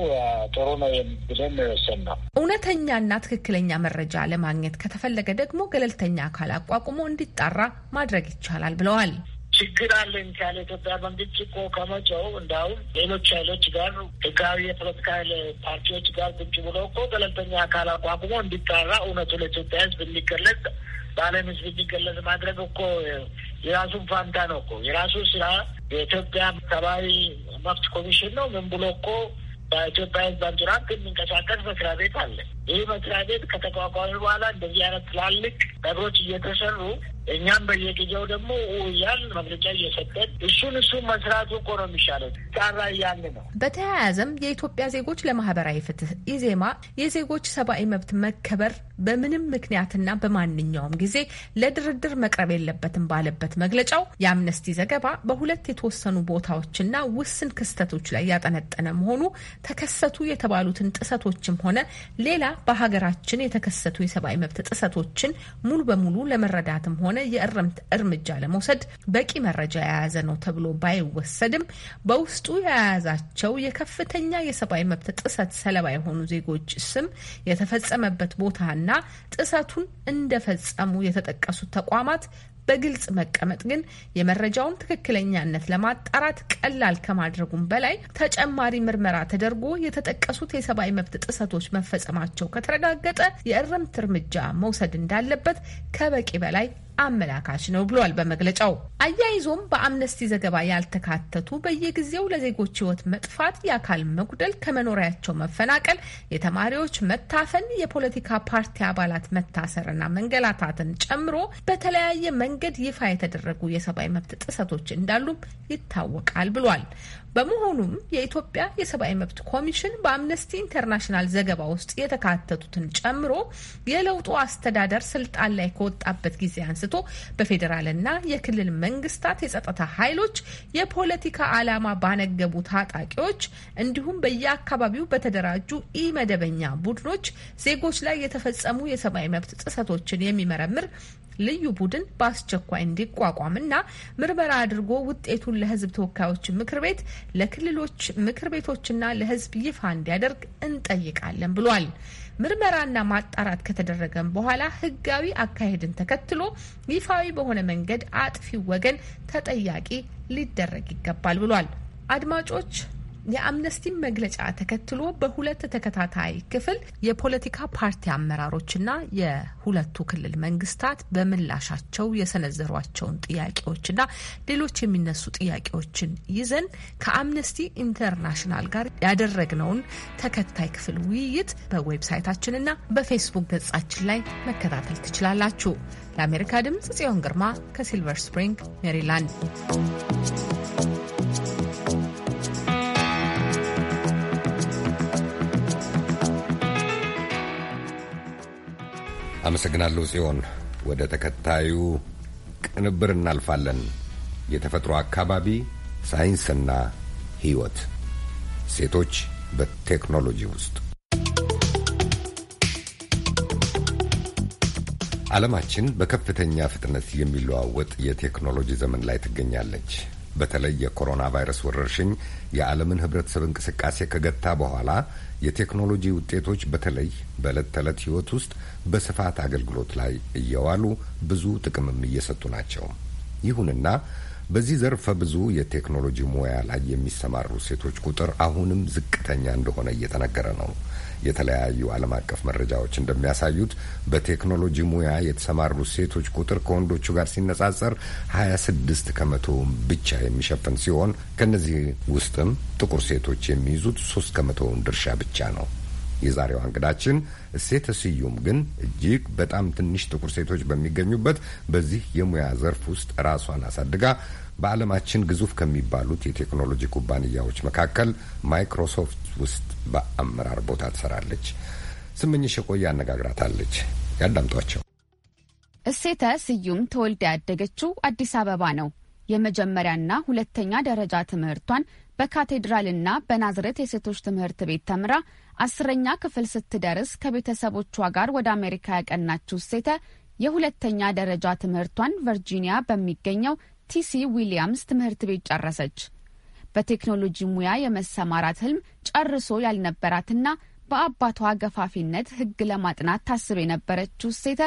ጥሩ ነው ብለን ወሰን ነው። እውነተኛና ትክክለኛ መረጃ ለማግኘት ከተፈለገ ደግሞ ገለልተኛ አካል አቋቁሞ እንዲጣራ ማድረግ ይቻላል ብለዋል። ችግር አለኝ ካለ ኢትዮጵያ መንግስት እኮ ከመጫው እንዳሁም ሌሎች ኃይሎች ጋር ህጋዊ የፖለቲካ ኃይል ፓርቲዎች ጋር ቁጭ ብሎ እኮ ገለልተኛ አካል አቋቁሞ እንዲጣራ እውነቱ ለኢትዮጵያ ህዝብ እንዲገለጽ በዓለም ህዝብ እንዲገለጽ ማድረግ እኮ የራሱን ፋንታ ነው እኮ የራሱ ስራ። የኢትዮጵያ ሰብአዊ መብት ኮሚሽን ነው ምን ብሎ እኮ በኢትዮጵያ ሕዝብ አንዱራንት የሚንቀሳቀስ መስሪያ ቤት አለ። ይህ መስሪያ ቤት ከተቋቋሚ በኋላ እንደዚህ አይነት ትላልቅ ነገሮች እየተሰሩ እኛም በየጊዜው ደግሞ ያን መግለጫ እየሰጠን እሱን እሱን መስራቱ እኮ ነው የሚሻለው። ጣራ እያለ ነው። በተያያዘም የኢትዮጵያ ዜጎች ለማህበራዊ ፍትህ ኢዜማ የዜጎች ሰብአዊ መብት መከበር በምንም ምክንያትና በማንኛውም ጊዜ ለድርድር መቅረብ የለበትም ባለበት መግለጫው የአምነስቲ ዘገባ በሁለት የተወሰኑ ቦታዎችና ውስን ክስተቶች ላይ ያጠነጠነ መሆኑ ተከሰቱ የተባሉትን ጥሰቶችም ሆነ ሌላ በሀገራችን የተከሰቱ የሰብአዊ መብት ጥሰቶችን ሙሉ በሙሉ ለመረዳትም ሆነ የእርምት እርምጃ ለመውሰድ በቂ መረጃ የያዘ ነው ተብሎ ባይወሰድም በውስጡ የያዛቸው የከፍተኛ የሰብአዊ መብት ጥሰት ሰለባ የሆኑ ዜጎች ስም የተፈጸመበት ቦታና ጥሰቱን እንደፈጸሙ የተጠቀሱት ተቋማት በግልጽ መቀመጥ ግን የመረጃውን ትክክለኛነት ለማጣራት ቀላል ከማድረጉም በላይ ተጨማሪ ምርመራ ተደርጎ የተጠቀሱት የሰብአዊ መብት ጥሰቶች መፈጸማቸው ከተረጋገጠ የእርምት እርምጃ መውሰድ እንዳለበት ከበቂ በላይ አመላካች ነው ብሏል በመግለጫው። አያይዞም በአምነስቲ ዘገባ ያልተካተቱ በየጊዜው ለዜጎች ሕይወት መጥፋት፣ የአካል መጉደል፣ ከመኖሪያቸው መፈናቀል፣ የተማሪዎች መታፈን፣ የፖለቲካ ፓርቲ አባላት መታሰርና መንገላታትን ጨምሮ በተለያየ መንገድ ይፋ የተደረጉ የሰብአዊ መብት ጥሰቶች እንዳሉም ይታወቃል ብሏል። በመሆኑም የኢትዮጵያ የሰብአዊ መብት ኮሚሽን በአምነስቲ ኢንተርናሽናል ዘገባ ውስጥ የተካተቱትን ጨምሮ የለውጡ አስተዳደር ስልጣን ላይ ከወጣበት ጊዜ አንስቶ በፌዴራልና የክልል መንግስታት የጸጥታ ኃይሎች የፖለቲካ ዓላማ ባነገቡ ታጣቂዎች እንዲሁም በየአካባቢው በተደራጁ ኢመደበኛ ቡድኖች ዜጎች ላይ የተፈጸሙ የሰብአዊ መብት ጥሰቶችን የሚመረምር ልዩ ቡድን በአስቸኳይ እንዲቋቋምና ምርመራ አድርጎ ውጤቱን ለህዝብ ተወካዮች ምክር ቤት፣ ለክልሎች ምክር ቤቶችና ለህዝብ ይፋ እንዲያደርግ እንጠይቃለን ብሏል። ምርመራና ማጣራት ከተደረገም በኋላ ህጋዊ አካሄድን ተከትሎ ይፋዊ በሆነ መንገድ አጥፊው ወገን ተጠያቂ ሊደረግ ይገባል ብሏል። አድማጮች የአምነስቲን መግለጫ ተከትሎ በሁለት ተከታታይ ክፍል የፖለቲካ ፓርቲ አመራሮችና የሁለቱ ክልል መንግስታት በምላሻቸው የሰነዘሯቸውን ጥያቄዎችና ሌሎች የሚነሱ ጥያቄዎችን ይዘን ከአምነስቲ ኢንተርናሽናል ጋር ያደረግነውን ተከታይ ክፍል ውይይት በዌብሳይታችንና በፌስቡክ ገጻችን ላይ መከታተል ትችላላችሁ። ለአሜሪካ ድምፅ ጽዮን ግርማ ከሲልቨር ስፕሪንግ ሜሪላንድ አመሰግናለሁ ጽዮን። ወደ ተከታዩ ቅንብር እናልፋለን። የተፈጥሮ አካባቢ፣ ሳይንስና ሕይወት ሴቶች በቴክኖሎጂ ውስጥ ዓለማችን በከፍተኛ ፍጥነት የሚለዋወጥ የቴክኖሎጂ ዘመን ላይ ትገኛለች። በተለይ የኮሮና ቫይረስ ወረርሽኝ የዓለምን ህብረተሰብ እንቅስቃሴ ከገታ በኋላ የቴክኖሎጂ ውጤቶች በተለይ በዕለት ተዕለት ህይወት ውስጥ በስፋት አገልግሎት ላይ እየዋሉ ብዙ ጥቅምም እየሰጡ ናቸው። ይሁንና በዚህ ዘርፈ ብዙ የቴክኖሎጂ ሙያ ላይ የሚሰማሩ ሴቶች ቁጥር አሁንም ዝቅተኛ እንደሆነ እየተነገረ ነው። የተለያዩ ዓለም አቀፍ መረጃዎች እንደሚያሳዩት በቴክኖሎጂ ሙያ የተሰማሩ ሴቶች ቁጥር ከወንዶቹ ጋር ሲነጻጸር 26 ከመቶ ብቻ የሚሸፍን ሲሆን ከእነዚህ ውስጥም ጥቁር ሴቶች የሚይዙት 3 ከመቶውን ድርሻ ብቻ ነው። የዛሬዋ እንግዳችን እሴት ስዩም ግን እጅግ በጣም ትንሽ ጥቁር ሴቶች በሚገኙበት በዚህ የሙያ ዘርፍ ውስጥ ራሷን አሳድጋ በዓለማችን ግዙፍ ከሚባሉት የቴክኖሎጂ ኩባንያዎች መካከል ማይክሮሶፍት ውስጥ በአመራር ቦታ ትሰራለች። ስምኝሽ የቆየ አነጋግራታለች። ያዳምጧቸው። እሴተ ስዩም ተወልዳ ያደገችው አዲስ አበባ ነው። የመጀመሪያና ሁለተኛ ደረጃ ትምህርቷን በካቴድራልና በናዝሬት የሴቶች ትምህርት ቤት ተምራ አስረኛ ክፍል ስትደርስ ከቤተሰቦቿ ጋር ወደ አሜሪካ ያቀናችው እሴተ የሁለተኛ ደረጃ ትምህርቷን ቨርጂኒያ በሚገኘው ቲሲ ዊሊያምስ ትምህርት ቤት ጨረሰች። በቴክኖሎጂ ሙያ የመሰማራት ህልም ጨርሶ ያልነበራትና በአባቷ ገፋፊነት ህግ ለማጥናት ታስብ የነበረችው ሴተ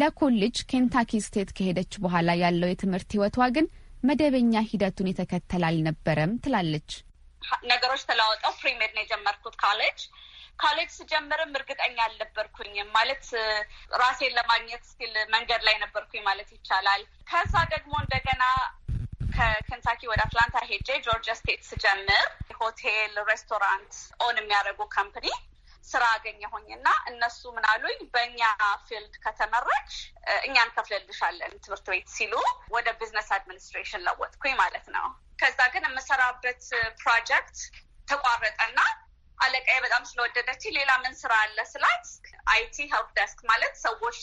ለኮሌጅ ኬንታኪ ስቴት ከሄደች በኋላ ያለው የትምህርት ህይወቷ ግን መደበኛ ሂደቱን የተከተል አልነበረም ትላለች። ነገሮች ተለዋውጠው ፕሪሜድ ነው የጀመርኩት ካሌጅ ካሌጅ ስጀምርም እርግጠኛ አልነበርኩኝም። ማለት ራሴን ለማግኘት ስቲል መንገድ ላይ ነበርኩኝ ማለት ይቻላል። ከዛ ደግሞ እንደገና ከኬንታኪ ወደ አትላንታ ሄጄ ጆርጂያ ስቴት ስጀምር ሆቴል፣ ሬስቶራንት ኦን የሚያደርጉ ካምፕኒ ስራ አገኘሁኝ እና እነሱ ምን አሉኝ፣ በእኛ ፊልድ ከተመረች እኛ እንከፍልልሻለን ትምህርት ቤት ሲሉ ወደ ቢዝነስ አድሚኒስትሬሽን ለወጥኩኝ ማለት ነው። ከዛ ግን የምሰራበት ፕሮጀክት ተቋረጠና አለቃዬ በጣም ስለወደደች ሌላ ምን ስራ አለ ስላት አይቲ ሄልፕ ደስክ ማለት ሰዎች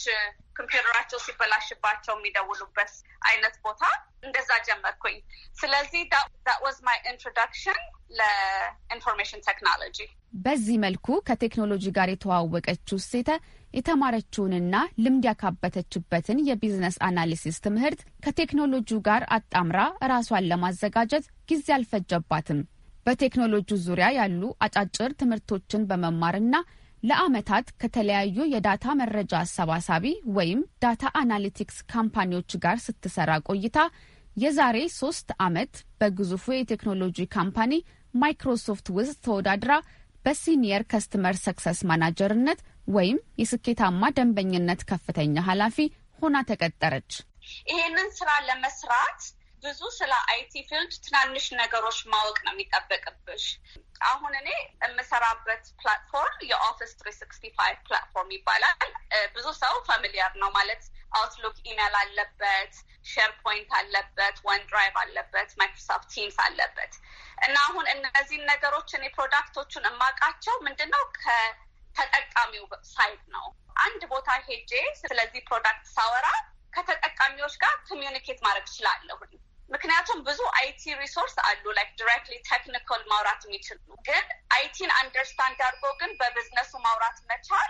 ኮምፒውተራቸው ሲበላሽባቸው የሚደውሉበት አይነት ቦታ እንደዛ ጀመርኩኝ። ስለዚህ ዳት ዋዝ ማይ ኢንትሮዳክሽን ለኢንፎርሜሽን ቴክኖሎጂ። በዚህ መልኩ ከቴክኖሎጂ ጋር የተዋወቀችው ሴተ የተማረችውንና ልምድ ያካበተችበትን የቢዝነስ አናሊሲስ ትምህርት ከቴክኖሎጂው ጋር አጣምራ ራሷን ለማዘጋጀት ጊዜ አልፈጀባትም። በቴክኖሎጂ ዙሪያ ያሉ አጫጭር ትምህርቶችን በመማርና ለአመታት ከተለያዩ የዳታ መረጃ አሰባሳቢ ወይም ዳታ አናሊቲክስ ካምፓኒዎች ጋር ስትሰራ ቆይታ የዛሬ ሶስት አመት በግዙፉ የቴክኖሎጂ ካምፓኒ ማይክሮሶፍት ውስጥ ተወዳድራ በሲኒየር ከስትመር ሰክሰስ ማናጀርነት ወይም የስኬታማ ደንበኝነት ከፍተኛ ኃላፊ ሆና ተቀጠረች። ይሄንን ስራ ለመስራት ብዙ ስለ አይቲ ፊልድ ትናንሽ ነገሮች ማወቅ ነው የሚጠበቅብሽ። አሁን እኔ የምሰራበት ፕላትፎርም የኦፊስ ትሪ ስክስቲ ፋይቭ ፕላትፎርም ይባላል። ብዙ ሰው ፋሚሊያር ነው ማለት አውትሉክ ኢሜል አለበት፣ ሼር ፖይንት አለበት፣ ወን ድራይቭ አለበት፣ ማይክሮሶፍት ቲምስ አለበት እና አሁን እነዚህን ነገሮች እኔ ፕሮዳክቶቹን እማውቃቸው ምንድን ነው ከተጠቃሚው ሳይት ነው። አንድ ቦታ ሄጄ ስለዚህ ፕሮዳክት ሳወራ ከተጠቃሚዎች ጋር ኮሚዩኒኬት ማድረግ እችላለሁ። ምክንያቱም ብዙ አይቲ ሪሶርስ አሉ ላይክ ዲሬክትሊ ቴክኒካል ማውራት የሚችሉ ግን አይቲን አንደርስታንድ አድርጎ ግን በብዝነሱ ማውራት መቻል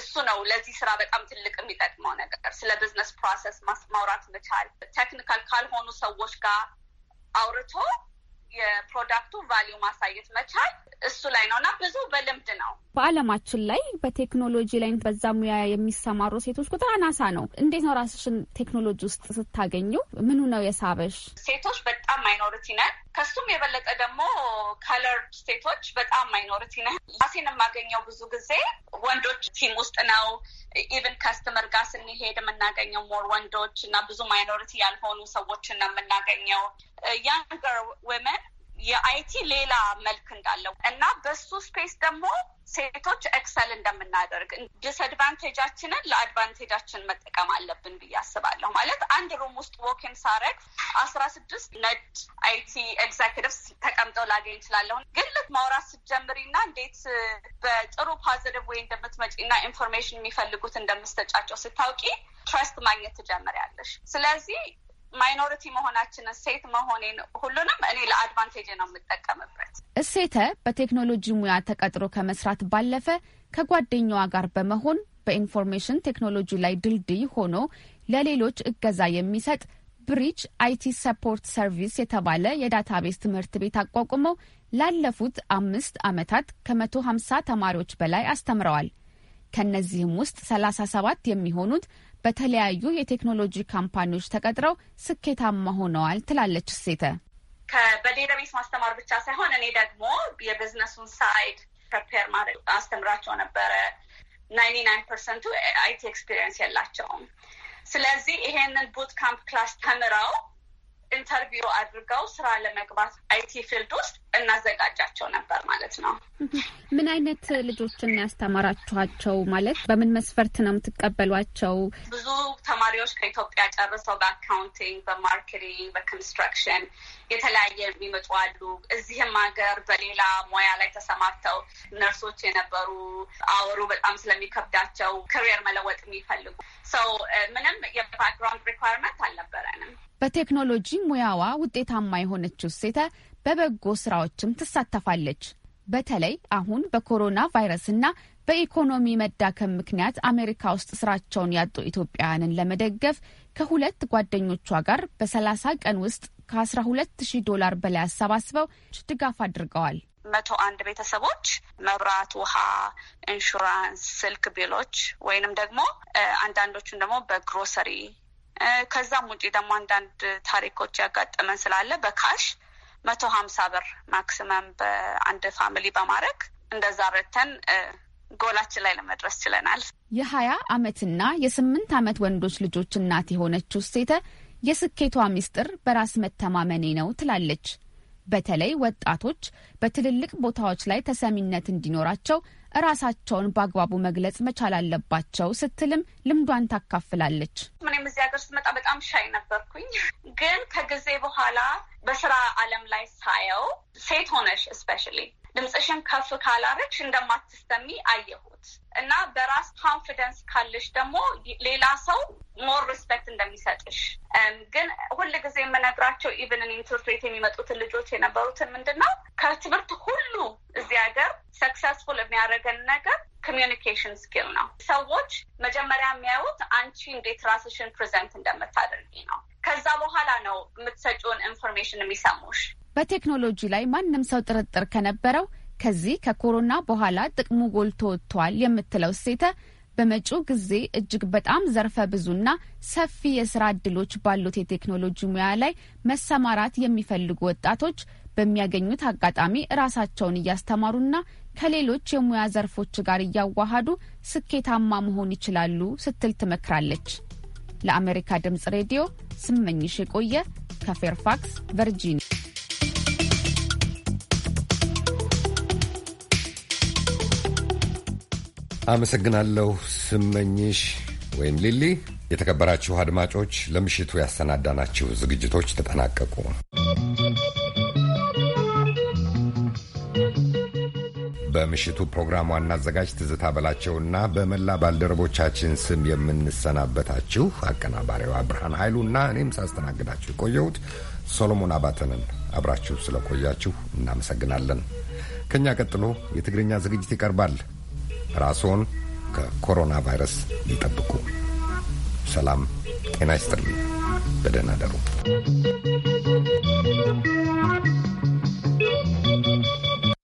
እሱ ነው ለዚህ ስራ በጣም ትልቅ የሚጠቅመው ነገር። ስለ ብዝነስ ፕሮሰስ ማውራት መቻል ቴክኒካል ካልሆኑ ሰዎች ጋር አውርቶ የፕሮዳክቱ ቫሊዩ ማሳየት መቻል እሱ ላይ ነው እና ብዙ በልምድ ነው። በአለማችን ላይ በቴክኖሎጂ ላይ በዛ ሙያ የሚሰማሩ ሴቶች ቁጥር አናሳ ነው። እንዴት ነው ራስሽን ቴክኖሎጂ ውስጥ ስታገኙ ምኑ ነው የሳበሽ? ሴቶች በጣም ማይኖሪቲ ነን። ከሱም የበለጠ ደግሞ ከለርድ ሴቶች በጣም ማይኖሪቲ ነን። ራሴን የማገኘው ብዙ ጊዜ ወንዶች ቲም ውስጥ ነው። ኢቨን ከስተመር ጋር ስንሄድ የምናገኘው ሞር ወንዶች እና ብዙ ማይኖሪቲ ያልሆኑ ሰዎችን ነው የምናገኘው ያንገር ወመን የአይቲ ሌላ መልክ እንዳለው እና በሱ ስፔስ ደግሞ ሴቶች ኤክሰል እንደምናደርግ ዲስአድቫንቴጃችንን ለአድቫንቴጃችን መጠቀም አለብን ብዬ አስባለሁ። ማለት አንድ ሩም ውስጥ ወኪን ሳረግ አስራ ስድስት ነጭ አይቲ ኤግዛኪቲቭስ ተቀምጠው ላገኝ እችላለሁ። ግን ልክ ማውራት ስትጀምሪና እንዴት በጥሩ ፖዘቲቭ ወይ እንደምትመጪና ኢንፎርሜሽን የሚፈልጉት እንደምትሰጫቸው ስታውቂ ትረስት ማግኘት ትጀምሪያለሽ። ስለዚህ ማይኖሪቲ መሆናችንን ሴት መሆኔን ሁሉንም እኔ ለአድቫንቴጅ ነው የምጠቀምበት። እሴተ በቴክኖሎጂ ሙያ ተቀጥሮ ከመስራት ባለፈ ከጓደኛዋ ጋር በመሆን በኢንፎርሜሽን ቴክኖሎጂ ላይ ድልድይ ሆኖ ለሌሎች እገዛ የሚሰጥ ብሪጅ አይቲ ሰፖርት ሰርቪስ የተባለ የዳታቤዝ ትምህርት ቤት አቋቁመው ላለፉት አምስት ዓመታት ከመቶ ሀምሳ ተማሪዎች በላይ አስተምረዋል። ከእነዚህም ውስጥ ሰላሳ ሰባት የሚሆኑት በተለያዩ የቴክኖሎጂ ካምፓኒዎች ተቀጥረው ስኬታማ ሆነዋል ትላለች ሴተ። በዴረቤት ማስተማር ብቻ ሳይሆን እኔ ደግሞ የቢዝነሱን ሳይድ ፕሬፔር ማድረግ አስተምራቸው ነበረ። ናይንቲ ናይን ፐርሰንቱ አይቲ ኤክስፒሪየንስ የላቸውም። ስለዚህ ይሄንን ቡት ካምፕ ክላስ ተምረው ኢንተርቪው አድርገው ስራ ለመግባት አይቲ ፊልድ ውስጥ እናዘጋጃቸው ነበር ማለት ነው። ምን አይነት ልጆችን ያስተማራችኋቸው? ማለት በምን መስፈርት ነው የምትቀበሏቸው? ብዙ ተማሪዎች ከኢትዮጵያ ጨርሰው በአካውንቲንግ፣ በማርኬቲንግ፣ በኮንስትራክሽን የተለያየ የሚመጡ አሉ። እዚህም ሀገር በሌላ ሙያ ላይ ተሰማርተው ነርሶች የነበሩ አወሩ በጣም ስለሚከብዳቸው ክሬር መለወጥ የሚፈልጉ ሰው ምንም የባክግራውንድ ሪኳርመንት አልነበረንም። በቴክኖሎጂ ሙያዋ ውጤታማ የሆነችው ሴተ በበጎ ስራዎችም ትሳተፋለች። በተለይ አሁን በኮሮና ቫይረስና በኢኮኖሚ መዳከም ምክንያት አሜሪካ ውስጥ ስራቸውን ያጡ ኢትዮጵያውያንን ለመደገፍ ከሁለት ጓደኞቿ ጋር በሰላሳ ቀን ውስጥ ከ ሺህ ዶላር በላይ አሰባስበው ድጋፍ አድርገዋል። መቶ አንድ ቤተሰቦች መብራት፣ ውሃ፣ ኢንሹራንስ፣ ስልክ ቢሎች ወይንም ደግሞ አንዳንዶቹን ደግሞ በግሮሰሪ ከዛም ውጪ ደግሞ አንዳንድ ታሪኮች ያጋጠመን ስላለ በካሽ መቶ ሀምሳ ብር ማክሲመም በአንድ ፋሚሊ በማድረግ እንደዛ ረድተን ጎላችን ላይ ለመድረስ ችለናል። የሀያ አመትና የስምንት አመት ወንዶች ልጆች እናት የሆነችው ሴተ የስኬቷ ምስጢር በራስ መተማመኔ ነው ትላለች። በተለይ ወጣቶች በትልልቅ ቦታዎች ላይ ተሰሚነት እንዲኖራቸው እራሳቸውን በአግባቡ መግለጽ መቻል አለባቸው ስትልም ልምዷን ታካፍላለች። ምንም እዚህ ሀገር ስመጣ በጣም ሻይ ነበርኩኝ፣ ግን ከጊዜ በኋላ በስራ አለም ላይ ሳየው ሴት ሆነሽ ስፔሻሊ ድምፅሽን ከፍ ካላረግሽ እንደማትሰሚ አየሁት እና በራስ ኮንፊደንስ ካለሽ ደግሞ ሌላ ሰው ሞር ሪስፔክት እንደሚሰጥሽ ግን ሁል ጊዜ የምነግራቸው ኢቨን እኔ ትምህርት ቤት የሚመጡትን ልጆች የነበሩትን ምንድን ነው ከትምህርት ሁሉ እዚህ ሀገር ሰክሰስፉል የሚያደርገን ነገር ኮሚኒኬሽን ስኪል ነው። ሰዎች መጀመሪያ የሚያዩት አንቺ እንዴት ራስሽን ፕሬዘንት እንደምታደርጊ ነው። ከዛ በኋላ ነው የምትሰጪውን ኢንፎርሜሽን የሚሰሙሽ። በቴክኖሎጂ ላይ ማንም ሰው ጥርጥር ከነበረው ከዚህ ከኮሮና በኋላ ጥቅሙ ጎልቶ ወጥቷል የምትለው ሴተ በመጪው ጊዜ እጅግ በጣም ዘርፈ ብዙና ሰፊ የስራ እድሎች ባሉት የቴክኖሎጂ ሙያ ላይ መሰማራት የሚፈልጉ ወጣቶች በሚያገኙት አጋጣሚ ራሳቸውን እያስተማሩና ከሌሎች የሙያ ዘርፎች ጋር እያዋሃዱ ስኬታማ መሆን ይችላሉ ስትል ትመክራለች። ለአሜሪካ ድምጽ ሬዲዮ ስመኝሽ የቆየ ከፌርፋክስ ቨርጂኒያ አመሰግናለሁ ስመኝሽ ወይም ሊሊ። የተከበራችሁ አድማጮች ለምሽቱ ያሰናዳናችሁ ዝግጅቶች ተጠናቀቁ። በምሽቱ ፕሮግራም ዋና አዘጋጅ ትዝታ በላቸውና በመላ ባልደረቦቻችን ስም የምንሰናበታችሁ አቀናባሪዋ ብርሃን ኃይሉና እኔም ሳስተናግዳችሁ የቆየሁት ሶሎሞን አባተንን አብራችሁ ስለቆያችሁ እናመሰግናለን። ከእኛ ቀጥሎ የትግርኛ ዝግጅት ይቀርባል። ራስዎን ከኮሮና ቫይረስ ይጠብቁ። ሰላም ጤና ይስጥልኝ። በደህና ደሩ። Thank you.